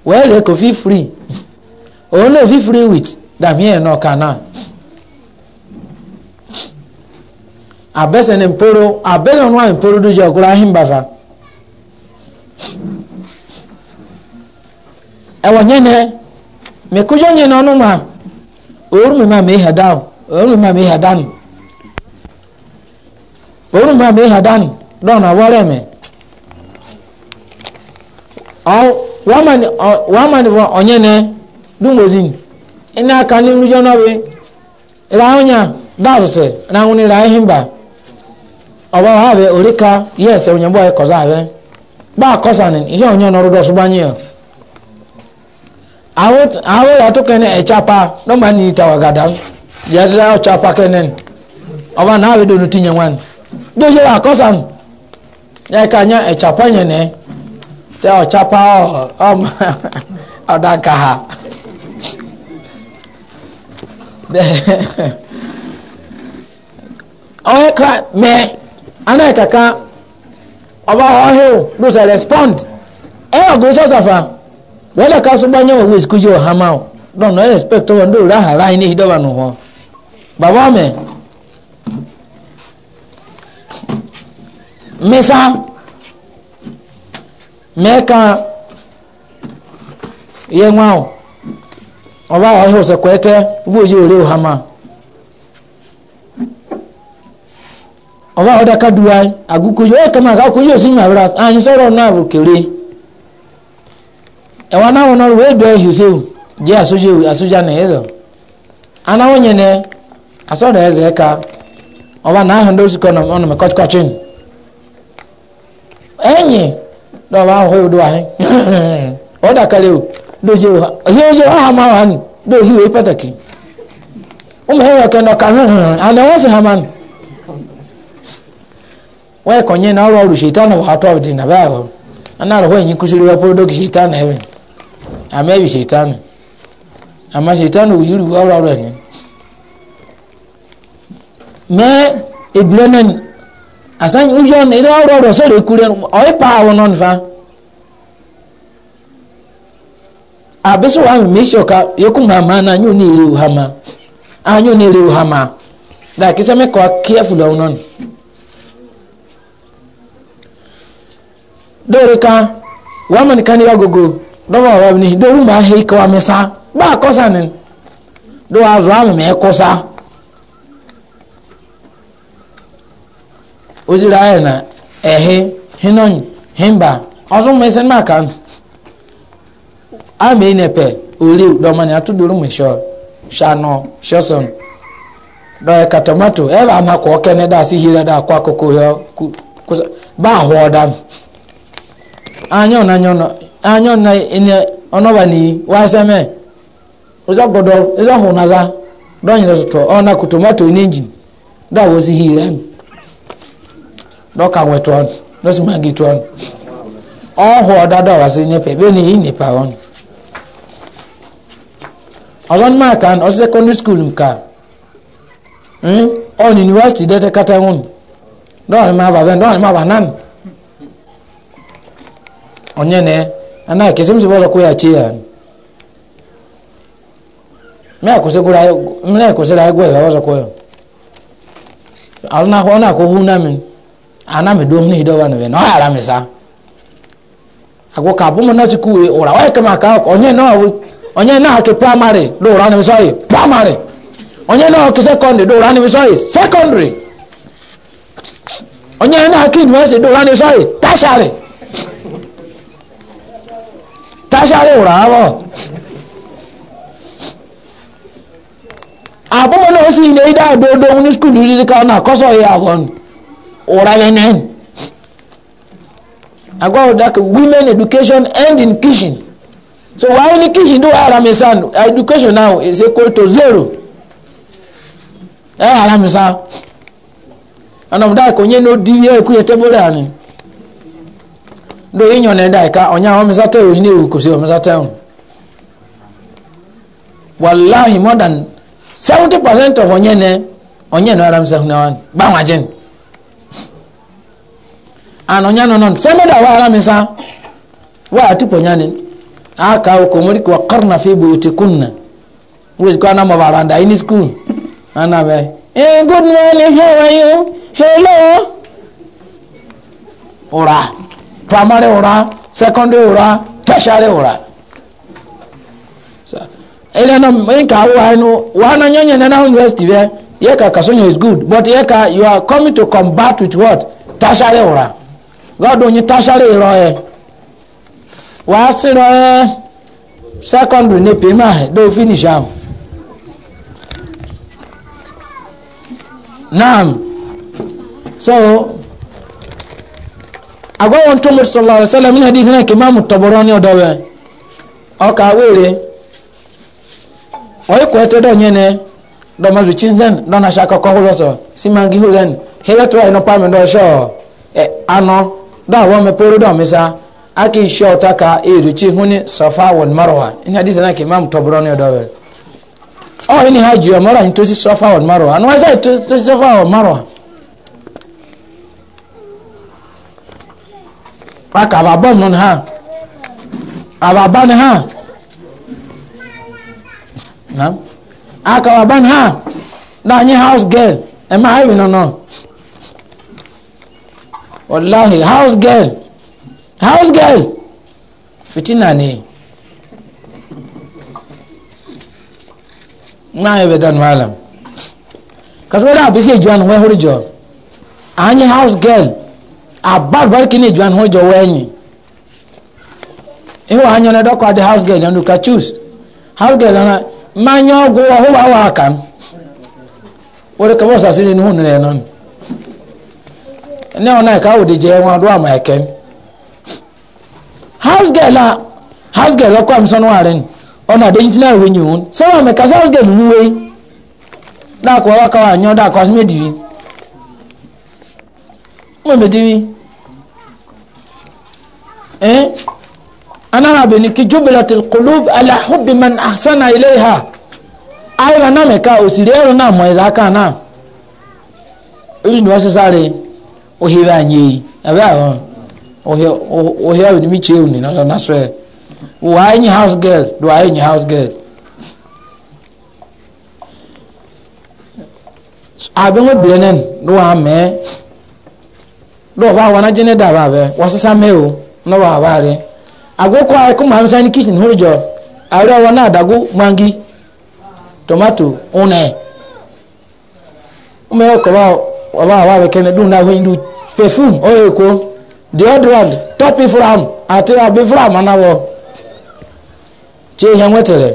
wee lee kofi free òun náà fi free with dàbí ẹ̀ náà kan náà abẹ́sẹ̀ ni mporo abẹ́sẹ̀ nwa mporo dojú ọkùnrin ahimbafa ɛwɔ nyɛnɛ mɛ kɔjɔ nyɛnɛ ɔno ma ɔwɔrɔ mi ma mɛ ha da ɔwɔrɔ mi ma mɛ ha da no ɔwɔrɔ mi ma mɛ ha da no dɔɔna wɔrɛ mɛ ɔwɔ wama ni ɔ wama ni wɔ ɔnyɛnɛ dumozin ɛnna aka ni nujɔ nɔbi ɛlɛahonya daasɛ ɛlɛahonya ɛlɛahimba ɔbɛ wa abɛ orika yɛsɛ onyɛnbɔ ayɛ kɔzɔ abɛ ba kosanin ihe onye nọrọ dọsụ gbanye ahụ ya tụkene echapa nọmba ni tawagada yadira ọchapa kenen ọba na abedo nu tinye nwan doje ba kosan ya ka nya echapa nyene te ọchapa ọma ọdanka ha ọhịa ka mee anaghị kaka ọba ọhụ bụsa respond ọgụ sọsafa wele ka sụgba nye owu esikuji ọha ma ọ na respect ọ ndị ụra hara anyị n'ihi dọba n'ụwa baba ọmị mmesa mee ka ihe nwa ọba ọhụ sekwete ụgbọ oji ore ọha ọba ọdọ kaduwa agukoyo ẹ kama agukoyo sí ma sọrọ náà bò kere ẹwà náà wọn náà wéé dọ ẹ hìsẹwù jẹ asojẹ asojẹ náà ẹ zọ anáwó nyẹ nẹ asọdọ ẹ zẹ ká ọba náà hàn dọ sikọ ọnà mẹ kọchikọchi ẹnyẹ dọba ahọ ahẹ ọdọ o o wà pàtàkì ọmọ ẹ hàn wọn sì wekonye na olwa ọrụ. watwabudina baho analo hwenyi kusuliwa polodoki sheitani ebe amebi sheitani ama sheitani uyuli olwa lwene me ibulenen asanyi ujon ila olwa lwasole ikulen oipawo nonfa abeso wa na nyoni ile uhama anyoni ile uhama lakiseme dore ka waman kan ya gogo dɔba wa ni doru ma he ka wa misa ba kosa ne do wa zo am me kosa ozira ya e na ehe hinon himba ozo me sen ma kan a me ne pe ori do ma ni doru me sho shano shoson do e ka tomato e ba na ko kene da si hira da kwa koko yo ba ho dan anyon anyon anyon na ene onoba ni waseme ozo godo ozo hunaza donyi na to ona ku tomato in engine da was he ram do ka weto on no si magi to on o ho da da was ni pe be ni ni pa on azon ma kan o secondary school mka hmm on university dete kata on don ma ba ben don ma ba nan onyene ana kisimsi bora kuyachira mea kusigura mea kusigura gwe bora koyo alna hona ko huna min ana me dom ni do bana be no ara mi sa ago ka bu mo na siku e ora wa kama ka onye no onye na ke primary do ora ni so yi primary onye na ke secondary do ora ni so yi secondary onye na ke university do ora ni so yi tertiary táṣáré ò ràá bọ̀ àbúmọ̀ náà sì ilé ìdá àdódó ní skul yìí ká ọ̀nà àkọ́sọ̀ yìí àwọn òra yẹn náà agwa odaka women education end in kitchen so why ní kitchen tó wàá aramisa education now is equal to zero ẹ aramisa and ọ̀dà kò nyẹ́ ní ó di ẹ̀ kú yẹ tẹ́bọ̀rẹ̀ àná. do inyo ne dai ka onya ho misa te o ni u kusi o misa te o wallahi more than 70% of onye ne onye no aram sa huna wan ba wa jen an onya no non sema da wa aram sa wa tu ponya ne aka o ko muri ko qarna fi buyutikunna wis ko na ma baranda in school ana be eh good morning how are you hello ora primary ora, secondary ora, tertiary ụra ele na nka awa inu wana nyenye na na university be yeka kasonye is good but yeka you are coming to combat with what tertiary ora. god onye tertiary ịrọ ya wàá sírọ ẹ secondary ní pèmà ẹ dó finish am naam so agwawo ntumur sallallahu alaihi wasallam min hadith na kimamu tabarani odawe oka were oy ko do nyene do mazu chinzen do na shaka ko huloso simangi hulen hela to ino pame do sho e ano da wa me poro do misa aki sho taka eru chi huni safa wal marwa in hadith na kimamu tabarani odawe o ini haji mara ntosi safa wal marwa anwa sai to safa wal marwa aka ababa no ne ha ababa ne ha na aka ababa ne ha na anyi house girl ɛma e ha ewi no no house girl house girl fiti ne na ayɛ bɛ dan malam kasɔrɔ dɛ a bɛ se jɔn no wɔn ehuri jɔn house girl. abagbara kini ju anhu jo wenyi iwa hanyo na dokwa the house girl anu ka choose house girl na manyo go ho wa wa kan ka bosa sini nu ne non ne ona ka wo de je won do ama eken house girl house girl ko am son ona de wenyi so wa me ka house girl we da ko wa ka wa da ko eh ana rabi ni ki jubilatil qulub ala hubbi man ahsana ilayha ayiwa na meka osiri ẹrù náà mọ ẹ̀dá kan náà orí ni wọ́n ṣe sáré òhèrè ànyè yìí ẹ̀rẹ́ àwọn òhèrè àwọn ènìmí tiẹ̀ òní náà náà sọ wò á ẹ̀yìn house girl lò á ẹ̀yìn house girl. àbẹ̀wò bìrẹ̀ náà ló wà lọ́wọ́ bá wọn ajẹ́ dàbà bẹ́ wọ́n sísá mẹ́ nọba abaare agoko a kuma hamsa ni kitchen hori jɔ awura wa naa mangi tomato una ume kɔba ɔba awa bɛ kɛnɛ dun naa perfume ɔyɛ ko deodorant tɔpi fura mu ati abi fura mu anabɔ tí o yẹn wọ́n tẹ̀lé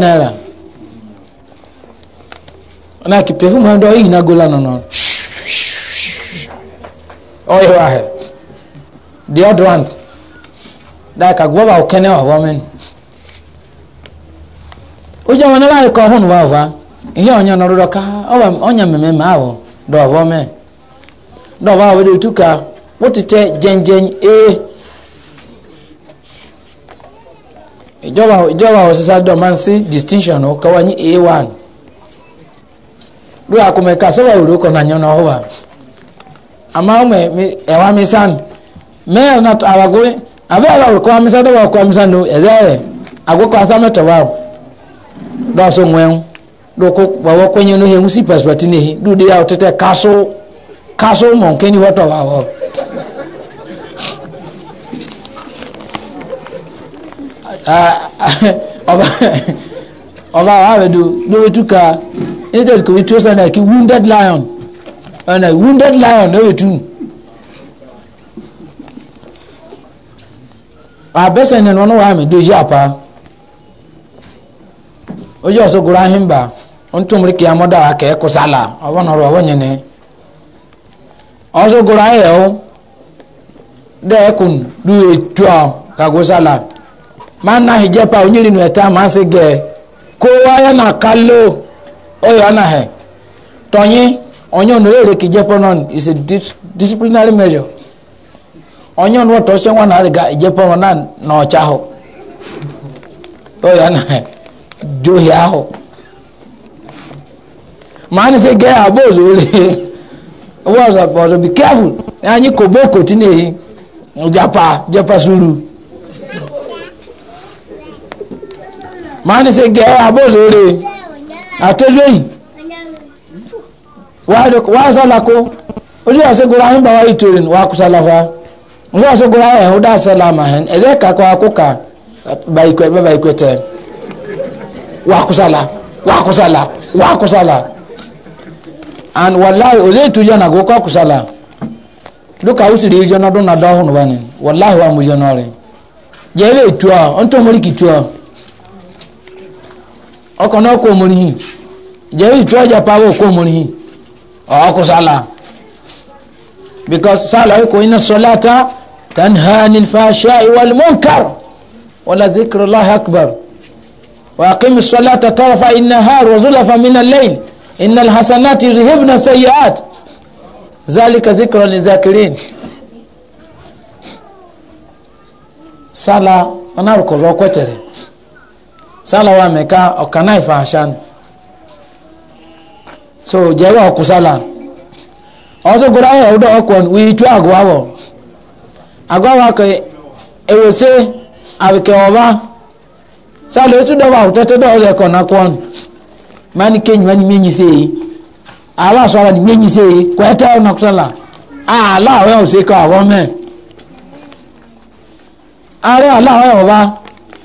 naira. anaki perfume hando hii inagola nọ oyo ahe deodorant daka gwoba ukene wa women uja wanala ko hon wawa ihe onye nororo ka owa onye meme mawo do wome do wa we tuka ìjọba ìjọba distinction a e one do akomeka sɛ wa wuro kɔ na nyɛ na ɔhɔ wa ama ɔmɛ mi ɛwa mi san mɛ ɔna to awago abe awa kɔ mi san dɔwɔ kɔ mi san do ɛzɛ yɛ agogo asame tɔ wa dɔw so ŋmɛn do ko wɔwɔ kɔnyɛ no hɛ ŋusi pɛsipɛti ne hi do de ya ɔtɛtɛ kaso kaso mɔnkɛni wɔtɔ wa wɔ. ọba ọba wa abẹ do do wetu ka. instead ko ito sound like wounded lion and wounded lion no etu abẹ́sẹ̀ ni wọn wà mí dojú àpá ojú ọ̀sọ́gùrù ahínbà ntúmùrí kìí amọ́dára kẹ́ kó sálà ọ̀bọ̀n ọ̀rọ̀ ọ̀wọ́ yẹn ni ọ̀sọ́gùrù ayẹ̀wò dẹ́ẹ̀kùn ló ètò ọ̀ kàgó sálà máa ń náà hìjẹ́pà onírìnnú ẹ̀ta máa ń ga gẹ̀ kó wáyé nà kálò. oyo anaghị tonye onye onore ere ki jepo is a disciplinary measure onye onwo to se wana re ga na na ocha anaghị oyo ahụ. Ma ya ho man abụọ ọzọ abozo ọzọ bi abozo anyị careful okoti koboko tinehi japa japa suru man se ge atezweyi wasalako ojú àṣegoro ahín bá wa ìtòrin wa kùsàlà fa ngó àṣegoro ahín ọdá àṣàlà mà hẹn ẹ̀dẹ́ kakọ akóka bàyìkọ bá bàyìkọ tẹ wa and wàláhì òlé ìtújọ nà kó kọ́ kùsàlà lóka ó sì rí ìjọ náà dún náà wani wà mú náà jẹ́ ẹ bẹ́ẹ̀ tu ọ. ọkọ̀ náà kó omori yìí ìjẹ́wé ìtọ́ ọjà pawọ́ kó omori yìí ọkọ̀ sálà because sálà ó kò iná sọláta tanha nilfasha iwal munkar wala zikirullah akbar وأقم الصلاة طرفا النهار وزلفا من الليل إن الحسنات يذهبن السيئات ذلك ذكر للذاكرين صلاة أنا أقول لك sala wa meka ọkana ifahashan so jẹba ọkusala ọsọ gora ayọ e, ọdọ ọkọn wiitu agwawọ agwawọ akọ ewese awike ọba sala etu dọba awutẹtẹ dọ ọdọ ẹkọ nakọn mani kenyi wani mienyi seyi ala sọ wani mienyi seyi kwẹtẹ ọnakusala ala awẹ ọsẹ kọ awọ mẹ ala ala awẹ ọba.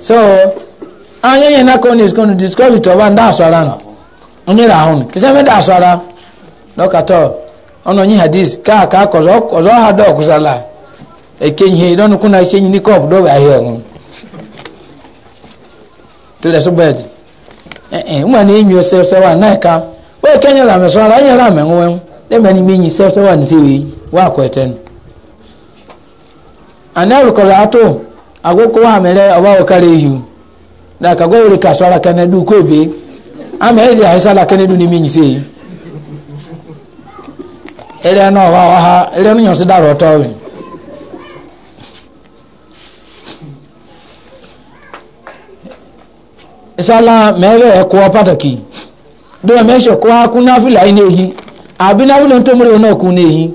so anyị nye na kone is going to ọba ndị asọra nọ onye rahụ nọ kesa ebe dị asọra dọkatọ ọnụ onye hadis ka ka akọzọ ọzọ ha dọ ọkụzala ekenye dọnụ kwụ na isi enyi n'ikọp dọwa ahịa ọnwụ tụrụ esụ bed ụmụ anyị enyi ose ose wa na ka o kenye ramesọra onye ramesọra n'ime enyi ose ose wa n'ise wee wa akwetenu a ato agoko wa mere ɔba ɔkara ehiu daka go wuli kaso ala kɛnɛ du ko ebe ama ezi ahesa ala kɛnɛ du ni mi nyise ɛdɛ nɔ ɔba ɔha ɛdɛ no nyɔnsi da rɔtɔ wi sala pataki mɛsɛ fila yi n'ehi ntomori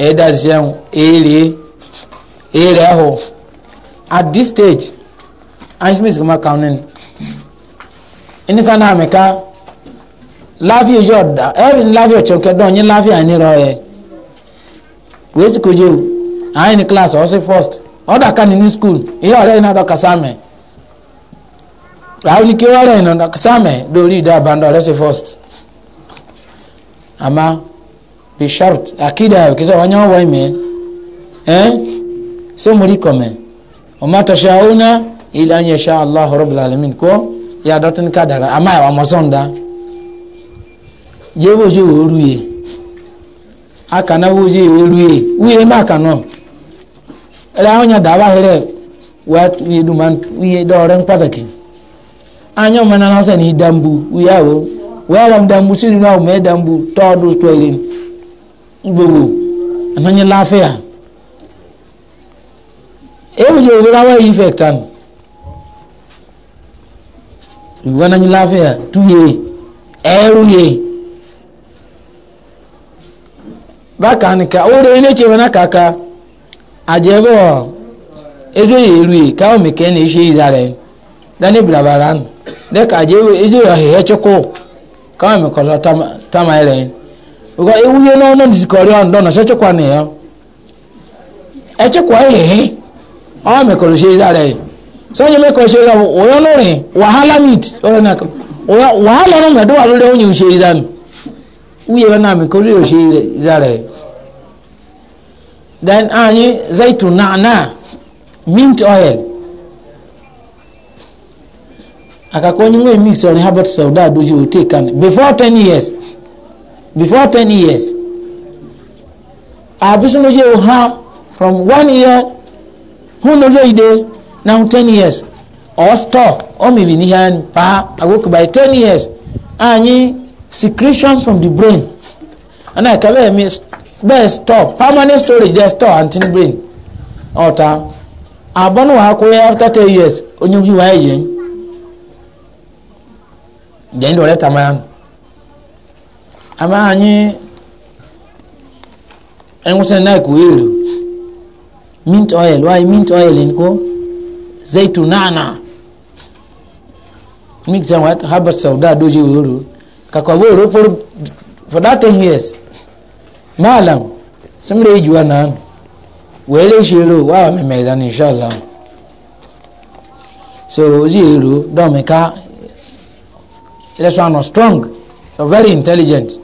ɛda zɛn ere ere ɛhɔ at this stage anyisimisi kama kan nin inisa naa mi ka laafi yi yɔ da ɛbi ni laafi yɔ kyɛw kɛ dɔn nye laafi ani rɔ yɛ e. wesi kojú anyi ni class ɔsi first ɔda ka ni ni school iye ɔrɛ yi na dɔ kasa mɛ awo ni kewa ɔrɛ yi na dɔ kasa mɛ do da ban dɔ ɔrɛ si first ama bishart akida yawe kisa wanyo waime eh so mulikome wama tashauna ila an yasha allahu rabbil alamin ko ya dotin kadara ama ya amazonda jebo je oruye akana wo je oruye uye ma kanu ra onya dawa here wa uye duman uye doren pataki anyo mana na se ni dambu uyawo wa ram dambu sinu na o me dambu todo to gbogbo amanye lafiya ebi je olora wa ife tan ìwọ náà ní láfíà túyè ẹrúyè bákan nìkan ó rẹ ilé tìmọ̀ náà kàkà àjẹbọ̀ ẹjọ́ èrúyè káwọn mìkẹ́ ní ṣe ìzà rẹ̀ dání bìlàbàrà nù lẹ́ka àjẹbọ̀ ẹjọ́ ìhẹ̀ẹ́ tsọ́kọ̀ káwọn mìkọ́ tọ́ tamáyé rẹ̀ yẹn ugo ewuye no no ndizikori on dona eh? eh, eh, ah, se chekwa ne yo e chekwa ehe o me ko se dare so ye me ko se ra o yo no re wahala mit o na ko o wahala no me do wa lo nyu se izan uye ba na me ko se yo then anyi ah, zaitun na'na mint oil akakonyi mwe mix on herbert sauda doji utekan before 10 years before ten years abisunuje o ha from one year hunuzo ide now ten years or store omimi ni han pa agogo by ten years anyi secretions from the brain ana ka bẹẹ mi bẹẹ store permanent storage dey store antin brain ọta abọ́nú wa kó yẹ after ten years onye hu wa yẹ yẹn yẹn lọrẹ tamaya ama anyị enwụsịrị na ekwu ilu mint oil why mint oil nko zaitu nana mint sam wat habat sauda doji wuru kakwa wuru for for that ten years malam simre ijuwa na wele shiro wa memeza ni inshallah so ozi ilu domeka let's one strong so very intelligent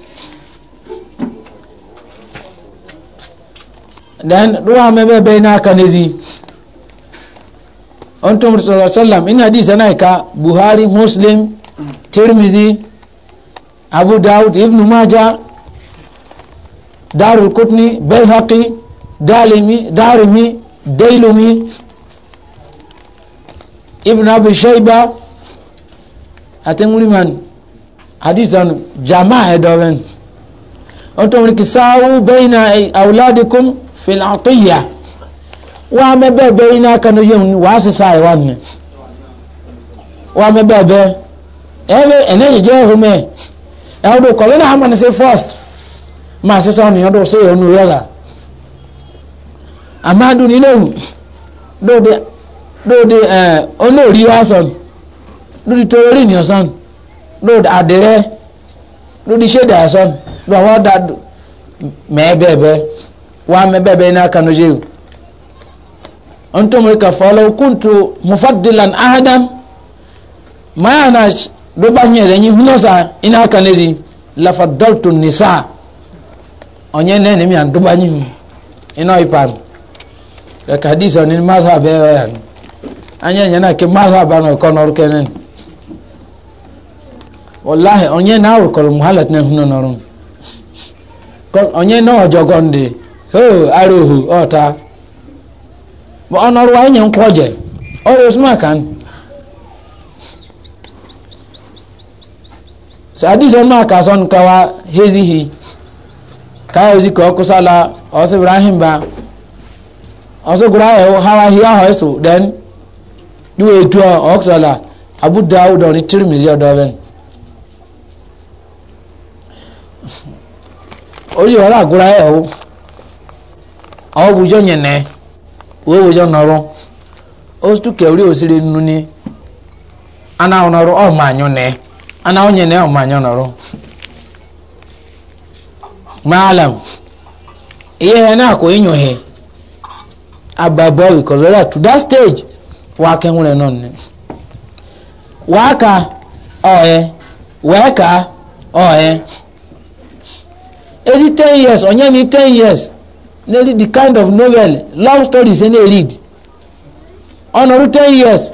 then ruwa mai bai bai na ka ne zi on tumur sallallahu sallam in hadisa na ka buhari muslim tirmizi abu dawud ibn maja darul kutni bayhaqi dalimi darimi dailumi ibn abu shaiba atin wuliman hadisan jama'a doven on tumur kisawu bayna auladikum filatiya wa mebe be ina kanu yin wa si sai e wa ni wa mebe be ebe ene je hume e do ko le na man se first ma se so ni do se e onu yala amadu ni lohun do de do de eh wa so do torí ni osan do adere do di shade asan do wa da mebe be, wa me bebe na kanu jeu antum rika falau kuntu mufaddilan ahadan ma na do banye da nyi hunosa ina kanezi la faddaltu nisa onye ne ne mi an do banyi ina ipan da hadisa ni masa be yan anya nya na ke masa ba no kono kenen wallahi onye na ru kol muhalat ne huno norun onye na ojogonde hoo arohu ọta ọnọrọ anyị nye nkwụ ọjị ọrịa osuma kan sadis ọnụma ka asọ nkawa hezighi ka ozi ka ọkụ sala ọsịbịrị ahịmba ọsọgụrụ ahụ hawa hịa ahụ eso den iwe etu ọkụsala abu daud ọrị tirimizi ọdọben orí ọ̀rọ̀ àgúra ẹ̀ ọ̀hún ọ wụjọ nyene wee wụjọ nọrọ otu kewri osiri nnu ni ana nọrọ ọ ma anyụ ne ana onye ne ọ ma anyụ maalam ihe ha na-akọ inyo he ababọ to that stage wa nwere nọ nne wa ka ọhe wee ka ọhe ezi 10 years onye ni 10 years nearly the kind of novel long stories any read on ọdún ten years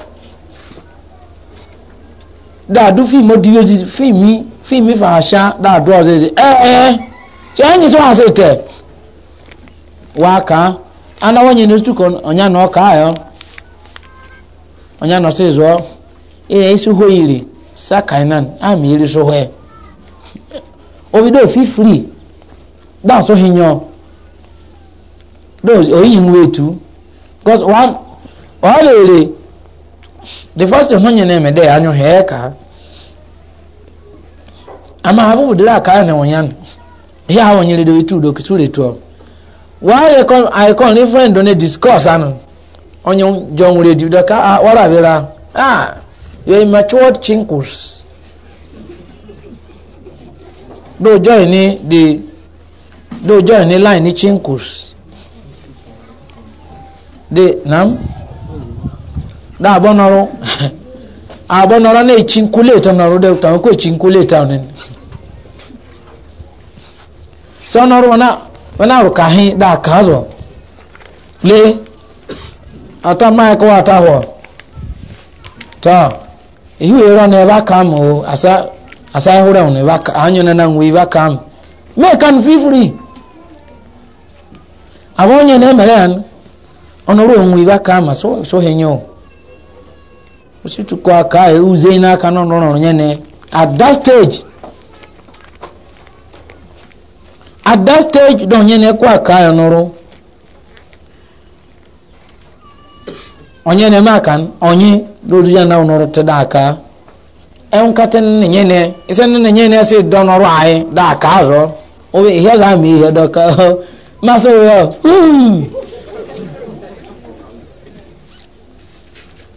e e. fi fíìmù fi mi, fíìmù fàáṣá dàdú ọ̀sẹ̀ ṣe ẹ ẹ ṣe ẹ̀yìn sọ àṣẹ tẹ̀ wá kà á anáwó yẹn ní oṣù kan ọ̀nyá nà ọ̀kà ayọ̀ ọ̀nyá nà ọ̀sẹ̀ zọ́ ilẹ̀ isi hó ìrì sákàínán àmì ìrì sọ́wọ́ ẹ̀ omi fi fífìrì dáhùn sóhìn yàn those oyin way too because one one ọlẹ́rẹ̀ the first thing wọ́n yẹn ní ẹ̀mẹ̀dẹ́ anyo hẹ́ẹ̀ka ama abubu dira kaa na wọnyan ya ha wọnyere de otu doki tu retuo waa yɛ kɔn ayɛ kɔn ne friend ne discourse ano ɔnye john radio dɔka a wɔra abira ah you are matured chinkles do join ni the do join ni line ni chinkles. de da na echinculate onoro de ta ko nọrọ anin so onoro wana wana ruka hin da kazo le ata mai ko ata ho ta ihu era na ba kam o asa asa hura ne ba anyo na na ngwi ba kam me kan free free onye na melen ọnụ onwe iwe aka ama sohenyo ositukọ aka euze n'aka n'ọnụ ọrụ nye ne at that stage at that stage dọ onye na-ekwe aka ya n'ọrụ onye na-eme aka onye lórí ya na ọnụ ọrụ aka ẹnkata e, nínú nye ne ẹsẹ nínú nye ne ẹsẹ dọ n'ọrụ anyị dá aka azọ ọ ihe ga-ama ihe dọ ka masị ya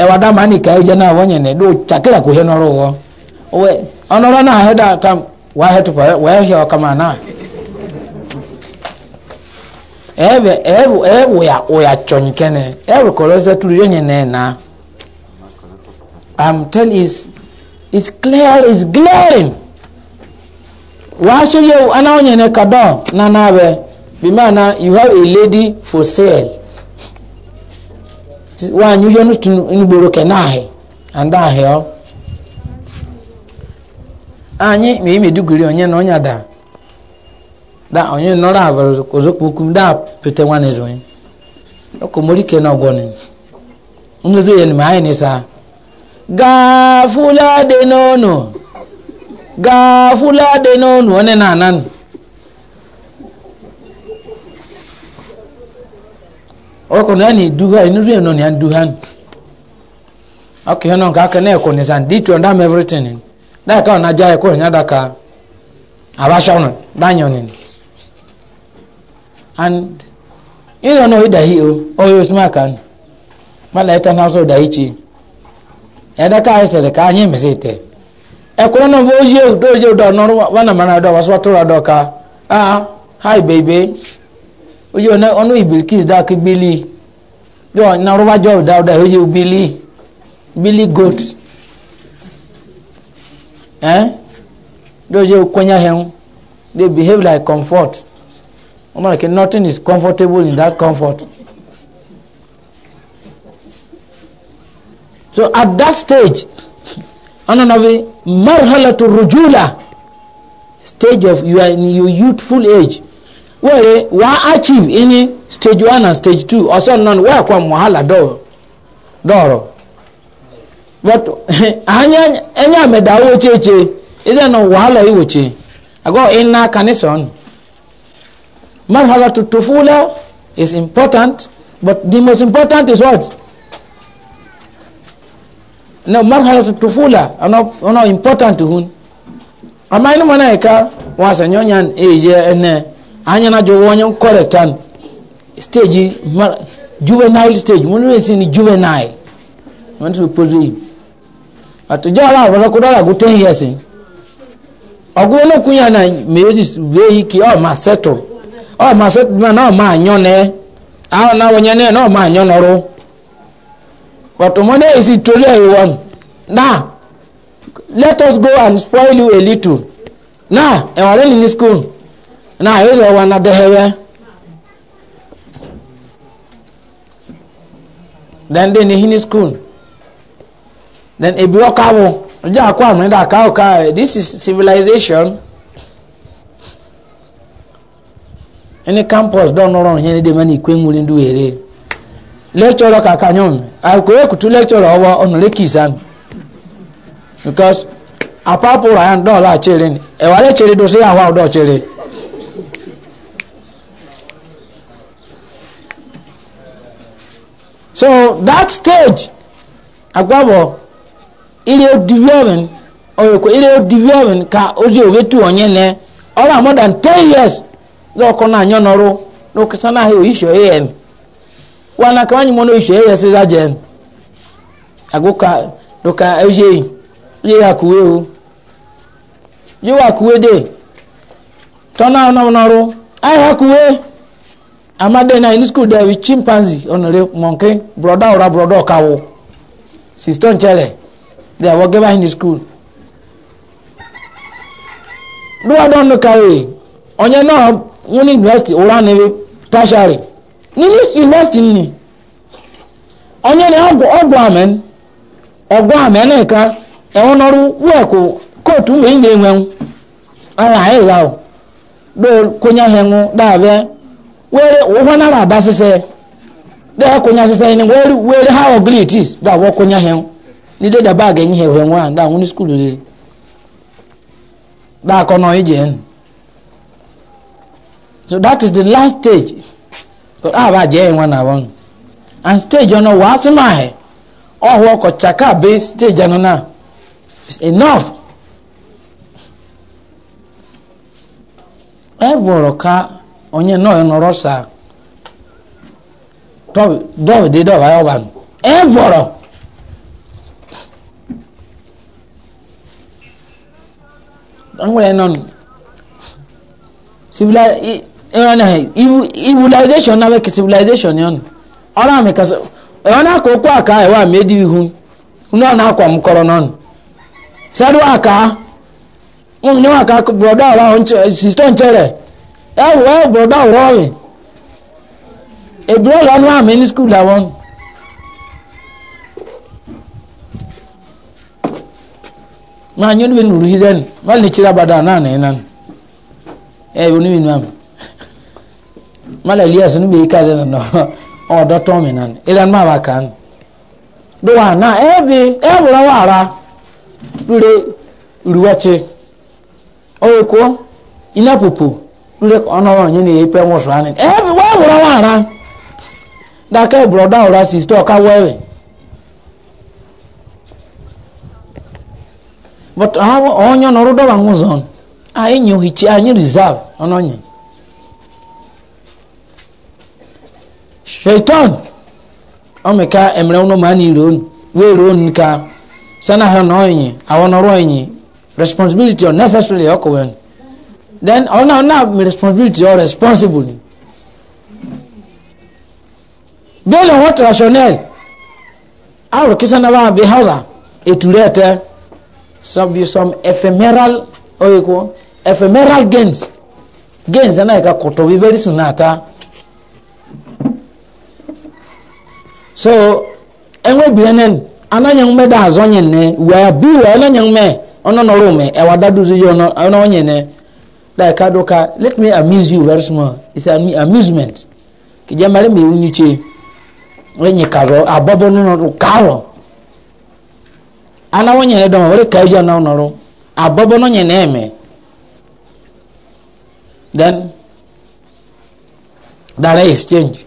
ɛwɔ dama ni ka ɛwɔ gyana wɔnyɛ ne do kyakira ko hɛ nɔrɔ wɔ ɔwɛ ɔnɔrɔ na ahɛ da tam wa hɛ tukɔ wa hɛ hɛ ɔkama na ɛɛbɛ ɛɛbɛ ɛɛ wɔya wɔya tsɔnyi kɛnɛ ɛɛbɛ kɔlɔ sɛ turu yɛ na i'm telling is is clear is glaring wàásù yẹ wọn anáwó nyɛ ne kadɔn nana bɛ bimaana you have a lady for sale. nwaanyị ụjọ n'otu n'ugboro ke na-ahị anda ahị ọ anyị ma ime duguri onye na onye ada da onye nọrọ abara ozokwu okwu da pete nwanne zonye ọkụ morike na ọgwọ ni nnuzi ya ni ma anyị nisa gaa fula dị n'ọnụ gaa dị n'ọnụ onye na-ananụ oko eni duha inu no ni eni okay no ga ka na ko ni san di to ndam everything da ka na ja ko nya da ka no ni and you don't know da hi o o yo sma kan mala eta na so da ichi ya da ka ka anyi e ko no bo do je do no na do to do ka ah hi baby oye ona onu ibilkis da ke gbili yo na roba job da da oye gbili gbili goat eh do je konya hen they behave like comfort o ma nothing is comfortable in that comfort so at that stage ananavi to rujula stage of you are in your youthful age were wa achieve ini stage one and stage two ọsọ nọ wa kwa mwahala dọrọ dọrọ but anya enye amedawo cheche ise no wahala iwoche ago ina kanison marhala to tufula is important but the most important is what no marhala to tufula ono ono important to hun amainu mana eka wa sanyonya eje ene anyana jowonyo kore tan stage mar, juvenile stage munwe sini juvenile wanti repose yi ato jala wala ko dala guten yesin ogwelo kunya na mezi weyi ki o oh, ma settle o oh, ma settle ma na o ma anyone awo na wonya ne na o ma anyonoro wato mone isi tori ewan na let us go and spoil you a little na e wale ni school na ayɛyɛ wa na dɛhɛwɛ then de ne hini school then ebi ɔka wo ɔgye akɔ amene de aka ɔka this is civilization ɛne campus dɔ nɔrɔ no hɛn de ma ne kwe nwuri ndu yɛre lecturer kaka nyɔn akɔyɛ kutu lecturer ɔwɔ ɔno leki san because apapora yan dɔn ɔla akyere ni ɛwà lɛ kyere do se yà wà ɔdɔ kyere. so that stage agwabo ile odiviaven oyoko ile odiviaven ka ozi tu onye ne ọrụ more than 10 years lọkọ na anyọ n'ọrụ n'okesa na ahịa oisho am wana ka wanyị mọna oisho am sịza jen ka doka oje oje ya kuwe o oje wa kuwe de tọ na ọrụ ahịa kuwe amade na in school there with chimpanzee onore monkey broda ora broda okawo sister nchele they are working in school do i don look away onye náà wọn ní university ora ni tertiary ní university ni onye na ọgwụ ọgwụ amen ọgwụ amen nka ẹwọn n'ọrụ wọọkụ kootu mmiri na-enwe ahụ ahụ ịza ahụ do kwenye ahụ ịnwụ daabịa were ụhwana na ada sịsị dee kụnya sịsị ni were were ha ọgụlị itis da wọ kụnya hẹ ni deda baag enyi ha hẹ nwa da nwunye skuul dị da akọ nọ ije enu so that is the last stage but a ba jẹ nwa na wọn and stage ọ̀nà wàá sínú ahẹ ọ̀hún ọkọ̀ chaka base stage ọ̀nà na is enough. ẹ ka. onye nọ nọrọ saa dọọ dị dọọ ya ọban e vọrọ nwere nọ civilization na weke civilization yọn ọrụ amị kasị ọ na-akọ okwu aka ewe amị edi ihu nọ ọ na-akwa m kọrọ nọ sadụ aka ụmụ nyewa aka brọda ọrụ ahụ sistọ nchere ẹwọ ẹbùrọ̀dá ọ̀rọ̀ rẹ̀ èbúrọ̀ lọ́nà àmì ní skul làwọn. máa nyɛ no nuru hi dɛn ma ni kyerɛ abada naa na ɛnan ɛɛ o onye bi nuam ma elias no bi yi ka dɛn na ɔ dɔ tɔn mi nan ɛdan maa ba kan do wa na ɛɛ bi ɛɛ wura waara dure ruwakye ɔyɛ ko ina popo. lórí e e na ọ̀rọ̀ yìí ni èpè wọn sùn ánì ẹ wọ́n ọrụ wọn àrà dákẹ́ ìbùrọ̀dá but ọ̀nyọ́ nọ̀rọ̀ dọ́wà ń anyị àyìn yìí hìchí àyìn reserve ọ̀nà ọmịka shaitan ọmọka ẹ̀mẹ̀rẹ̀ wọn máa ní ìrònú wọ́n ìrònú nìka sanahàn náà responsibility unnecessarily ọkọ̀ ọkụ then àwọn oh, náà náà mi responsibility or responsible ni based on what rationale àwọn kìsàn náà bá bi hausa ètò rẹ̀ some some ephemeral oyeko ephemeral gains gains náà yẹ ká bí very soon náà ta so enwe birenen ananyang me da azonye ne wa bi wa ananyang me ono no rume e wa daduzi yo no ono like adoka let me amuse you very small it's an amusement kijamale mi wuni che wenye karo abobo nuno karo ana wenye edo wale kaija na onoro abobo no nyene eme then dara exchange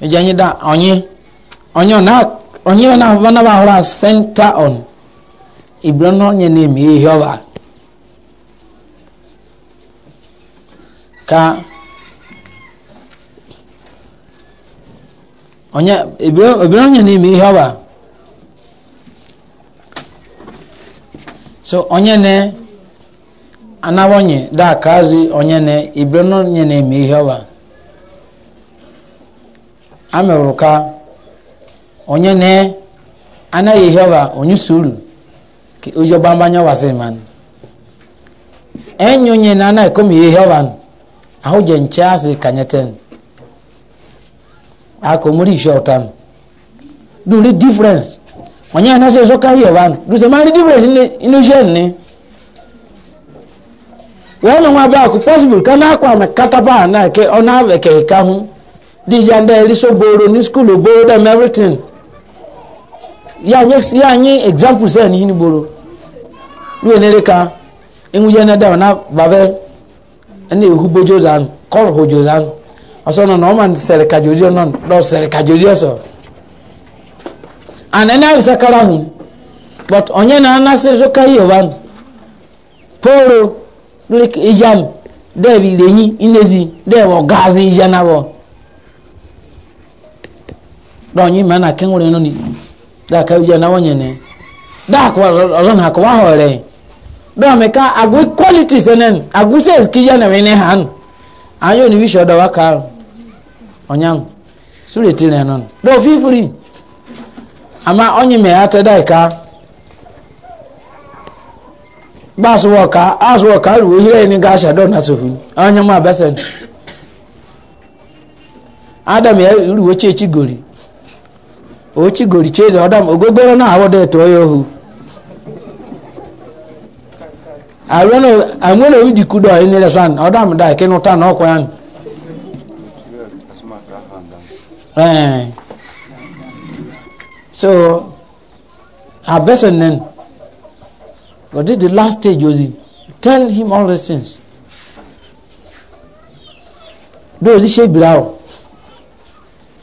ejanyi da onye onye na onye na bana ba hora center on ibrono nyene mi ihe oba ka onye ebire onya n'ime ihe ọba so onye ne anawonye da kazi onye ne ibire n'onye n'ime ihe ọba amewuru ka onye ne anaghị ihe ọba onye suru ka ojo gbambanya wasi man enyi onye na anaghị komi ihe ọba nụ ahụje nche asị kanyeten akomori shortam do the difference onye a na-asị ọzọ karịa ọba do se ma ndị difference inú iṣẹ́ nni wọ́n na nwa baako possible ka na-akwa ama katapa na ke ọ na-abịa ka ịka hụ dị ija ndị eri so boro ni school boro them everything ya nye ya nye example sị ya n'ihi ni boro wee nere ka enwuje na dawa na babe ɛna ehu bojo zanu kɔr hojo zanu ɔsɔ nɔ na ɔma sɛrɛ kadzozi nɔ dɔ sɛrɛ kadzozi sɔ and ayisa kara hun but ɔnyɛ na anase so kayi ova nu pooro like ijam dɛbi lenyi inezi dɛbi ɔgaazi ijanabɔ dɔnyi mɛ na kɛŋwere nɔ ni daa ijanabɔ nyɛ daa kɔ ɔzɔ na kɔ wa hɔ rɛ. dɔmi ka agu quality sɛnɛn agu sɛ kija na wɛnɛ han an yɛ onibi sɔ dɔ wa kaa ɔnyam suri ti nɛ nɔn fi firi ama ɔnyi mɛ atɛ da ka baasi wɔ ka aasi wɔ ka alu ohira yi ni gaasa dɔw na sofi ɔnyam abɛsɛ adam yɛ iri wo tse tsi gori o tsi gori tse ɔdam na awɔ dɛ tɔ angwene wiji kudo a inere san odam da ke no tan okwa yan eh so abesan nen what did the last stage ozi, he tell him all the things do zi she bilao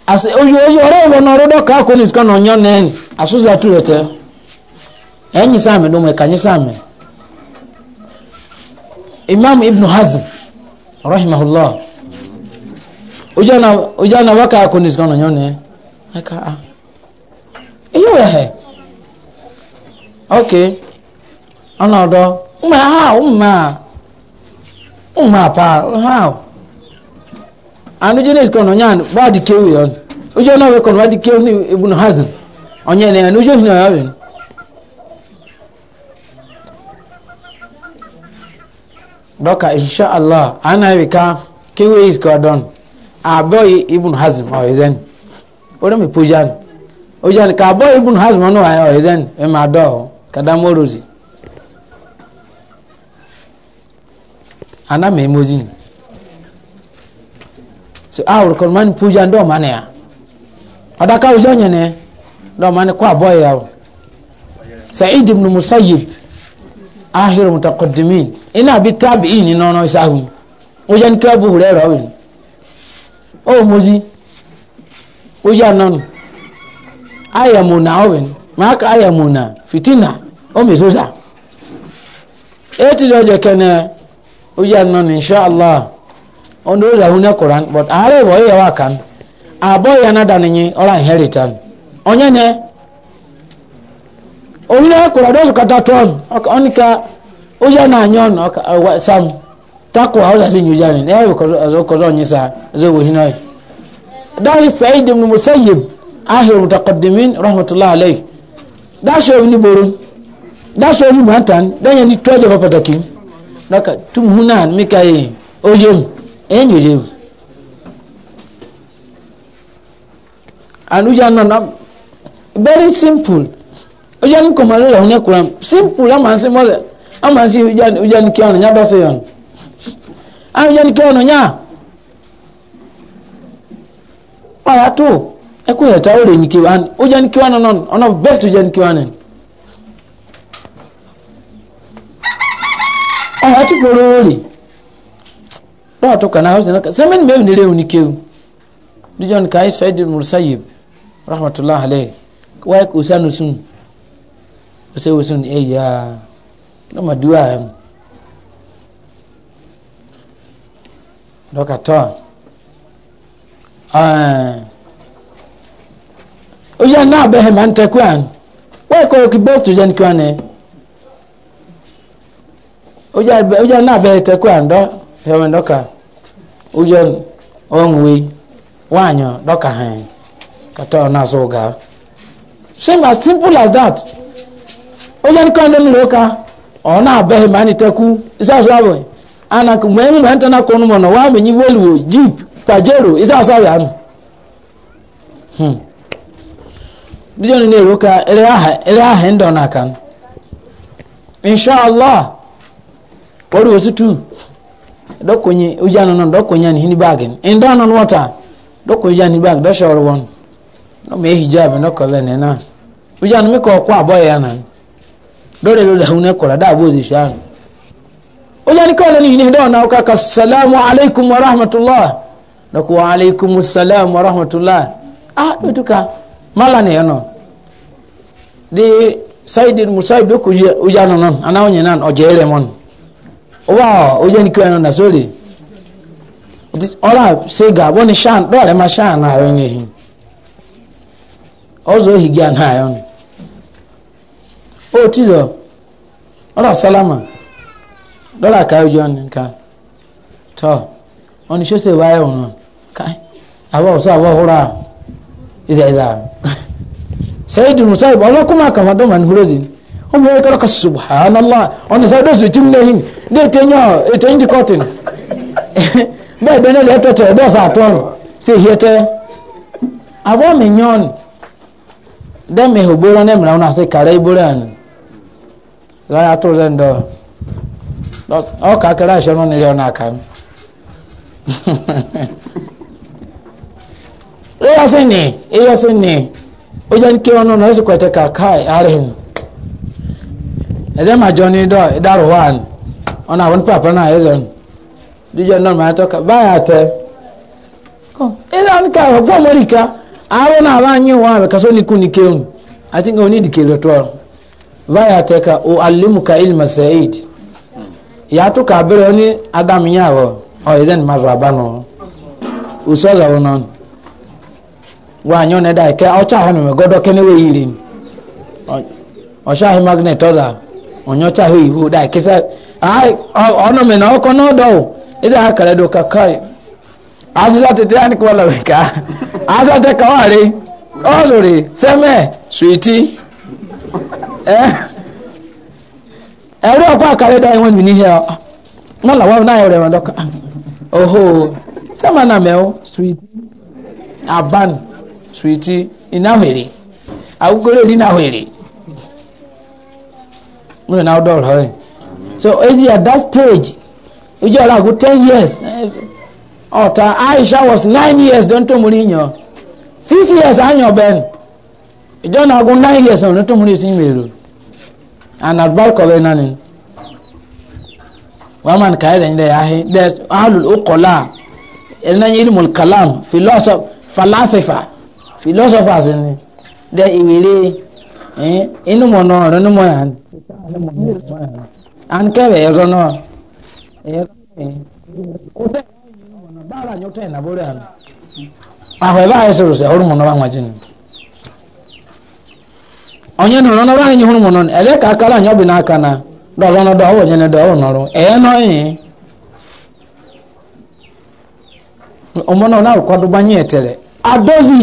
as ojo ojo ore mo na rodo ka ko ni na onyo nen asuza tu rete enyi same do me kanyi same Imam Ibn Hazm rahimahullah ujana waka akunisikana nyone aka a ah. iyo wehe okay ana do ma ha umma umma pa ha anu jene isikana nyane wadi kewu yon ujana wekon wadi kewu ni Hazm onye ne anu jo hina doka insha allah ana wika kiwe is gordon aboy ah, ibn hazm o izen ore mi pujan ojan ka aboy ibn hazm no ayo eh, oh, izen e eh, ma do kada morozi ana me mozin so awr ah, kon man pujan do mane ya ah. adaka ojan ne do mane ko aboy ya sa'id ibn musayyib ahiru mutakodimin ina bi tabi'in ni nono isahu o jẹ nkẹ bu rẹ rọ wẹni o mozi o yà nọnu ayamuna o wẹni maka ayamuna fitina o mesosa eti dọ jẹ kẹnẹ o yà nọnu inshallah o ní o yà hun koran but àárẹ̀ wọ̀ ẹ̀ yẹ kan àbọ̀ yẹn náà dànù yín ọ̀rọ̀ àhẹ́rìtàn ọ̀nyẹ́nẹ́ onye kura dosu kata tron onika oya na anyo no ka sam tako hausa sin yuja ni ne ko ko ron yisa zo wo hinoy da sa'id ibn musayyib ahir mutaqaddimin rahmatullahi alayh da so ni borun da so ni mantan da yani toje ba pataki naka tum hunan mikaye oyem en yujem anuja na very simple uja ni komare la hunya kuram simple ama si mole ama si uja uja ni kiano nya basa yon ah uja ni kiano nya wala tu eku ya taure ni kiwani uja ni kiwani non ona best uja ni kiwani hatu ati poroli ndio atoka na hausi sema ni mimi nile unikiu. kiu ndio ni kai Said al-Musayyib rahmatullah alayhi wa yakusanu sunu. ɔsɛ wosu ni eya eh, lɔma du a yɛm eh. dɔkata ɛɛ ah, oyi oh, a naa bɛhɛ ma ntɛ kwan wɔyɛ kɔ ki bɔl tu jɛni kwan nɛ oyi a oyi a naa bɛhɛ tɛ kwan dɔ yɛmɛ dɔka oyi a same as simple as that. onye nke ọnụ mmiri ụka ọ na-abịaghị ma anyị tekwu isi asụ abụghị ana mgbe anyị mgbe ntana kụ ụmụ na wa menyi welu jip pajero isi asụ abịa nụ hmm. ndị ọnụ na-eru ụka ele aha ndọ na aka inshallah kọrọ osi tu dọkụnye oji anọ nọ dọkụnye anyị hini baagị ndị ọnụ nwata dọkụnye anyị baagị dọshọrọ wọn nọ ma ehijab nọkọlọ na na oji anọ mekọ ọkwa abụọ ya na nụ dole dole hauna kora da abu zai sha wajen kawai ni ne da wannan ka assalamu alaikum wa rahmatullah da kuwa alaikum assalam wa rahmatullah ah do duka mala ne yana de saidin musaib do ku uja non ana onye nan ojere mon wa wajen kawai na sori ọla se ga bọ ni shan dọrẹ ma shan na ayọ nyehi ọzọ ohi gị anaghị ọnụ o tizọ ọrọ salama lọrọ àkàwé jọ nìkan tọ oníṣẹṣẹ wáyé ọ̀nà káì àwọ ọ̀sọ́ àwọ ọ̀húra ìzà ìzà sẹ́yìdì musaib ọlọ́kùnmá kàmádọ́ mà ní húrẹ́sì ọmọ ẹ̀rọ kọ́lọ́kà subhanallá ọ̀nà sẹ́yìdì oṣù tí ń lẹ́yìn ní ètò ẹ̀yàn ètò ẹ̀yìn kọ́tìn bẹ́ẹ̀ dẹ́nẹ́ lẹ́tọ̀ tẹ̀ ẹ̀dọ́ sàtọ́n sí ìhẹ́tẹ́ àwọ̀ mi yàn dẹ́mi ìhògbóró nẹ́mìíràn ọ̀nà àṣẹ kàrẹ́ ìbúrẹ́ àná lọ́yà tó rẹ̀ ń dọ̀ ọkà kẹrẹ àṣẹ ọ̀nà nílé ọ̀nà àkàn. lọ́yà sí ni iyọ̀ sí ni ó jẹ́ kí ọ̀nà ọ̀nà ẹ̀sìn kọ̀tẹ́ kàkà àárẹ̀ mu. ẹ̀dẹ́ màá jọ ní dàrú wà ní ọ̀nà àwọn pàpà náà ẹ̀ zọ̀nù anyị n'ike ụnụ vaya teka uallimuka ilma said yatu kabere oni adam nyawo o oh, izen marabano usola wonon wa nyone dai ke ocha hanu me godo kene we yirin ocha he magnet oda onyocha he ihu dai kisa ai ono me na oko no do ida akale do kai azza tete ani kwa la weka azza teka wale ozuri seme sweetie ẹ̀rí ọkọ̀ àkàrẹ́ dá ẹ̀wọ̀n mi níhẹ́ wọn làwọn náà ẹ̀rọ oho na nà mẹ́wọ́ suwiti aban suwiti iná wèrè agogoro ní náà na wọn lè so ezi at that stage ojú ọ̀la ten years ọ̀tá aisha was nine years dọ́ntọ́ mo ní six years àyàn ìjọ náà ogun nine years ọ̀run tó múlẹ̀ sí mèrò and àdúgbò ọ̀rẹ́ náà ni wọ́n máa ń ka ẹ̀rẹ̀ ilẹ̀ ahẹ́ dẹ́ alùl okòlá ẹ̀rẹ́ yìí mọ̀ kàlám ni dẹ́ ìwéré inú mọ̀ náà ọ̀rẹ́ mọ̀ yàn án kẹ́rẹ̀ ẹ̀rọ náà kò tẹ̀ bára ni ó tẹ̀ ìnáwó rẹ̀ àná àhọ̀ ẹ̀ báyìí sọ̀rọ̀ sẹ́ ọ̀rùn mọ̀ náà wà wọ́n jìnnà onye nọrọ nọrọ anyị hụrụ m nọ ele ka akara anyị ọ bụ n'aka na dọrọ nọdọ ọwụ onye nọdọ ọwụ nọrọ ee nọ anyị ọmọnà ọ̀nà àwòkọ́dọ̀ bá yín ẹ̀tẹ̀rẹ̀ adọ́sí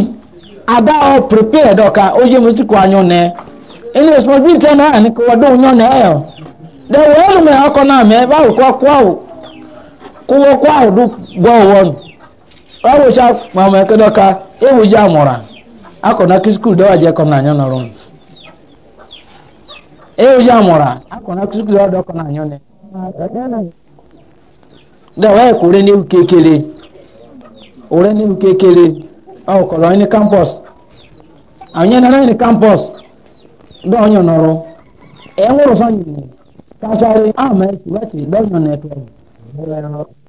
adá ọ prepare dọ̀ka ó yẹ mo ti kọ́ anyọ nẹ ẹni responsibility ẹ̀ náà ni wọ́n dọ̀ yọ nẹ ẹ̀ ọ́ dẹ̀ wọ́n ẹ̀rù mi ọkọ̀ náà mẹ́ báwo kọ́ kọ́ àwò kówó kọ́ àwò dó gbọ́ ọ̀wọ́ nù báwo ṣe àwọn ọmọ ẹ̀kẹ́ dọ̀ka ewu ṣe àmọ̀ràn akọ̀nà kí skul dọ́wà jẹ́ kọ́ náà yọ̀ nọ̀rọ̀ nù eyo ya mora akona kusukiri ọdọ kan anyọ ne dẹ wọ́n ẹ̀kọ́ rẹ ní ewu kékeré ọ̀rẹ́ ní ewu kékeré ọkọ̀rọ̀ ní campus àwọn yẹn náírà ní campus dọ́ ọ̀yàn nọ̀rọ̀ ẹ̀ ń wúrò sọ́yìn ní kásáre àmọ́ ẹ̀sùn wẹ́tì lọ́yàn nẹ̀tọ́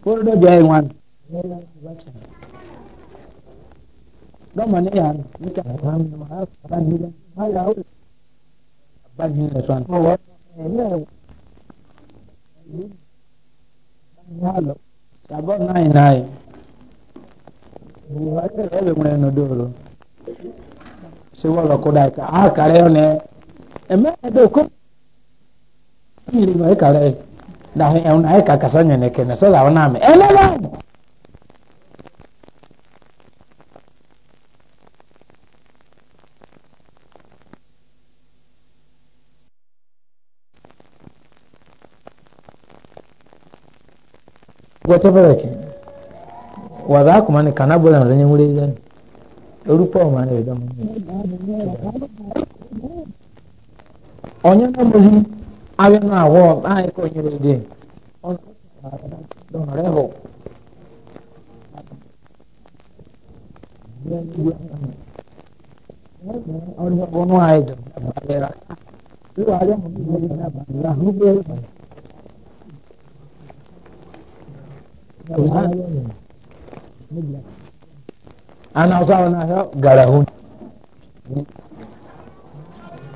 kóró dọ́jọ́ ẹ̀ wọn. dọ́mọ̀ níyàrá níta àwọn ọmọ àwọn ọmọ àwọn ọmọ bagi this one. Oh, what? Hello. Hello. Sabo nai nai. Buhari lebe mune nodoro. Sewa lo kodai ka. Ah, kare one. Eme ebe uko. Mili mo e kare. Dahi e unai kakasanya nekene. Sada waname. Ele lo. Ele lo. whatever like wadha kuma ni kana bola nrenye mule yani orupa o mane weda onye na mozi abia na awo ai ko nyere de don reho ọrụ ọnụ anyị dọrọ abịara ịwa arịa mụ niile na-abara ahụ bụ ebe ana sawa na ha garahun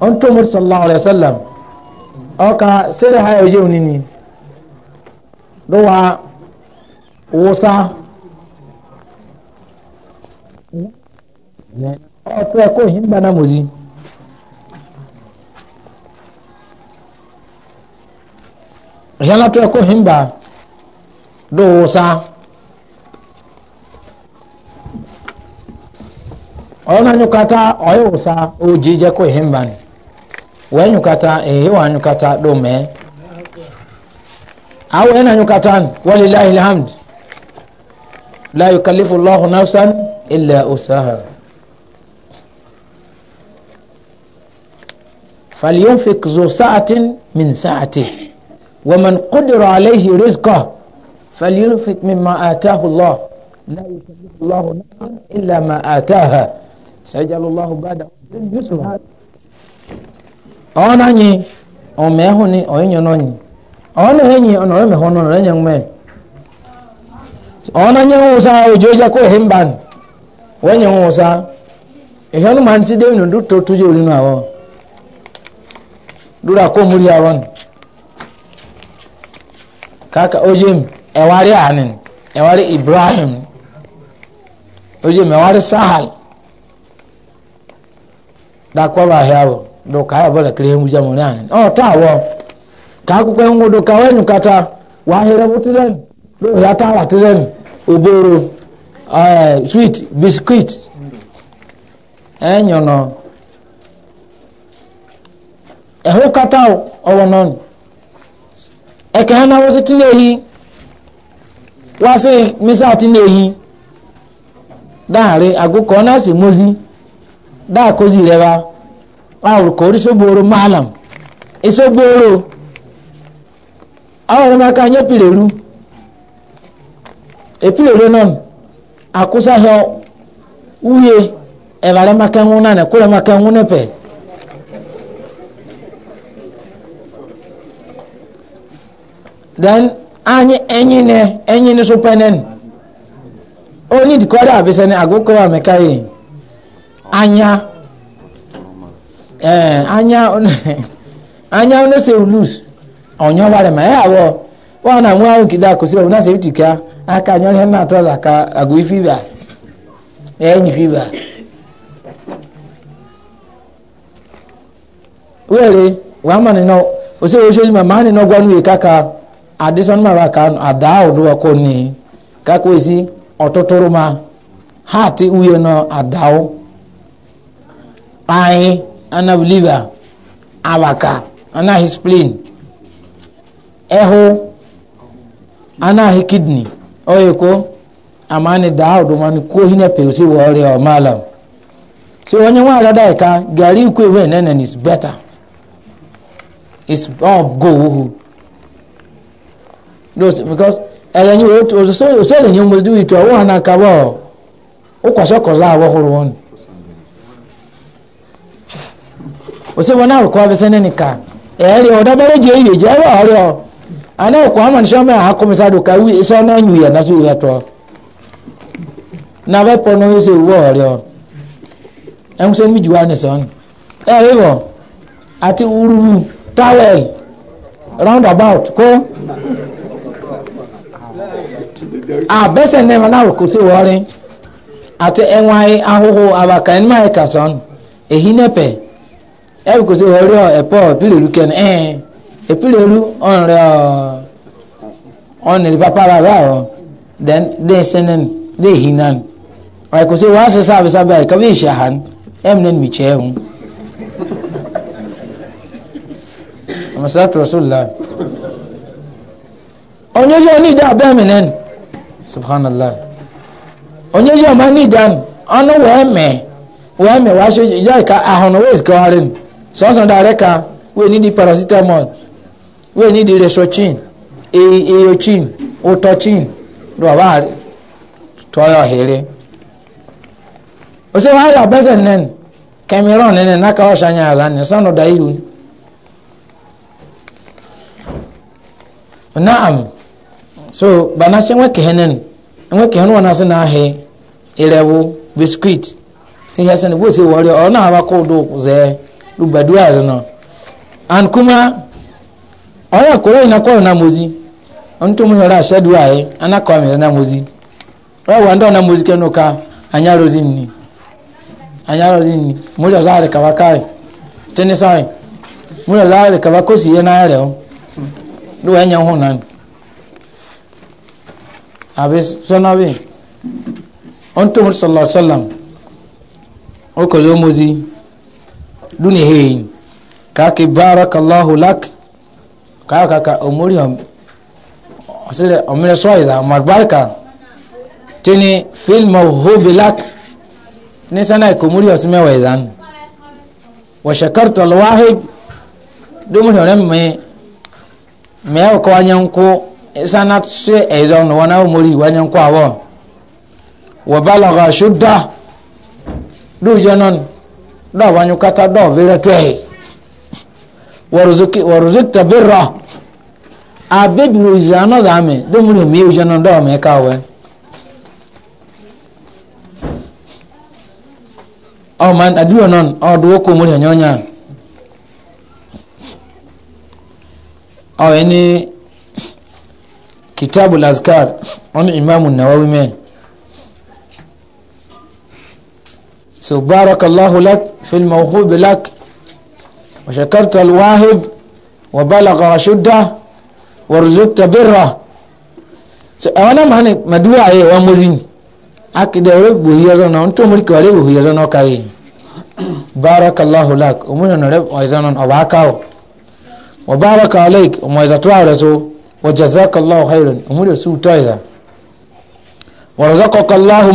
on to mur sallallahu alaihi wasallam o ka sere ha yoje unini do wa wosa ne o to ko himba na muzi. Yana to ko himba doosa ona nyukata oyusa ujije ko himbani we nyukata ehiwa nyukata dome au ena nyukatan walillahi alhamd la yukallifu llahu nafsan illa usaha فلينفق ذو ساعة من ساعته ومن قدر عليه رزقه فلينفق مما آتاه الله لا يكلف الله نفسا إلا ما آتاها سيجعل الله بعد يسرا أنا ني أو ما هوني أو إني نوني أنا هني أنا رم هون أنا رنيان ما أنا ني هو سا وجوزا كو همبان وين هو سا إيهان مان سيدين ندو توتوجي ولنا هو دورا كو مريا وان kaka ojim ẹ̀wárí àánì ẹ̀wárí ibrahim ojú mi ẹ̀wárí sahal dakọba ahịabọ dọka ahịa bọla kiri ewu jamu ní àná ọ taa wọ ka akwụkwọ enwu oh, dọka wee nukata wà ahịrị bụ tizeni lóòhì ala tizeni oboro eh, sweet biscuit enyo eh, nọ ẹhụ kata ọwọ nọ eke ha na-awụsị tinye ehi wasi misati n'ehi daari agụkọ na si mozi daa kozi leba ahụrụ ka oriso gboro malam iso gboro ahụrụ maka anya pileru epileru nọ akwụsa ha uhie ebara maka nwụ na na kwere maka nwụ nepe anyị enyine na supenen oni dikwada abisene agoko wa mekai anya eh anya anya on se ulus onyo bare ma ya awo wa na mu awu kida ko sibe na se utika aka nyo na to ka adesonma ba kan adaa oduwa koni kakwesi ọtụtụrụma hati uyo no adaw anyị anabliba abaka anaghị spleen ehu anaghị kidney oyeko amani daa odumani kohine peusi wọọrịa ọmalam so onye nwa agada ka gari ikwe ewe nenen is better is all go uhu those because ẹlẹyin o to so ẹlẹyin o mo di wi to ọwọ hàn akabọ o kọsọkọsọ àwọ horo wọn ose wọn náà kọ abẹsẹ nínú ká ẹẹrẹ ọdọ bẹrẹ jẹ iye jẹ ẹwà ọrẹ ọ àná ọkọ amọnisọ mẹ àkọmísà do ká iṣẹ ọ̀nà ẹ̀yìn ìyẹn náà so ìyẹn tọ n'abẹ pọ náà ṣe wọ ọrẹ ọ ẹnwó sẹni ju wa nìsọ ẹ ẹ àti wúrúwú towel round about kó abɛsɛ nneɛma na awokosi wɔre ate ɛnwan ahoho abakan mu a ɛka sɔn ehi ne pɛ ɛwokosi wɔre ɔ ɛpɔ epileru kɛn ɛn eh. epileru ɔnrɛ ɔ ɔnrɛ papara ra ɔ den den sɛnɛn den hinan ɔyɛkosi wɔasesa abisa bɛyɛ kabi ehyia han ɛmu ne numu kyɛɛ ho ɔmɔ sɛ toroso la ɔnyɛ yɛ ɔni da abɛn mi nɛni subhanallah onye yi ọma ni dan ọnụ wee mee wee mee wee asọ ya ka ahụ na wee zikọ ọrụ sọsọ dara ka wee ni di paracetamol wee ni di restrochin eyochin utochin rọba tọrọ ohere ose wa ya bẹsẹ nnen cameroon nene naka ọsọ anya ala nne sọnụ da ihu naam so banasi nwe kehenen nwe kehenen wana se na ahe ilewu biscuit se ya sene bo se wori na ko do ze du badua no an kuma ora ko ina ko na mozi onto mu ora shedu ana ko na mozi wa ndo na ke no ka anya rozi ni anya rozi ni ka wakai ka wakosi ye na ere o do ho àbí sọ́nàbì ọ̀n tó mọ̀tò sọ̀lá sọ̀lá ó kọ̀ ló mọ̀zi lónìí hẹ́yìn káàkiri bára kàláhù lák káàkàkà òmùrí ọ̀sẹ̀lẹ̀ ọ̀mìnira sọ̀ ìlà màgbáìkà tini fílmù hóbi lák ní sanà ìkòmùrí ọ̀sẹ̀ mẹ́wàá ìzán wọ̀ṣẹ̀kẹ́rù tọ̀lọ́wáhìb dómìnira mi mẹ́ẹ̀kọ́ anyankó sana se ezon wana umuri wanyan kwa wa wa balagha shudda du janon da wanyu kata do vira twe warzuki warzukta birra abid nu izano dame do muri mi janon do me kawe o man aduwa non o duwo ko muri nyonya o eni kitabu lazkar wọn imaamu nawawi mẹ́ẹ̀. so barakallahu lak fil mawhubi lak wa shakarta alwahib wa balagha rashudda wa rizqta birra so awana mahane maduwa ye wa mozin akida re bo yero na onto muri ko re bo yero na kai barakallahu lak umuna na re oizan on obakao wa baraka alayk umaiza tuwa rasul وجزاك الله خيرا أمور سوء تايزا ورزقك الله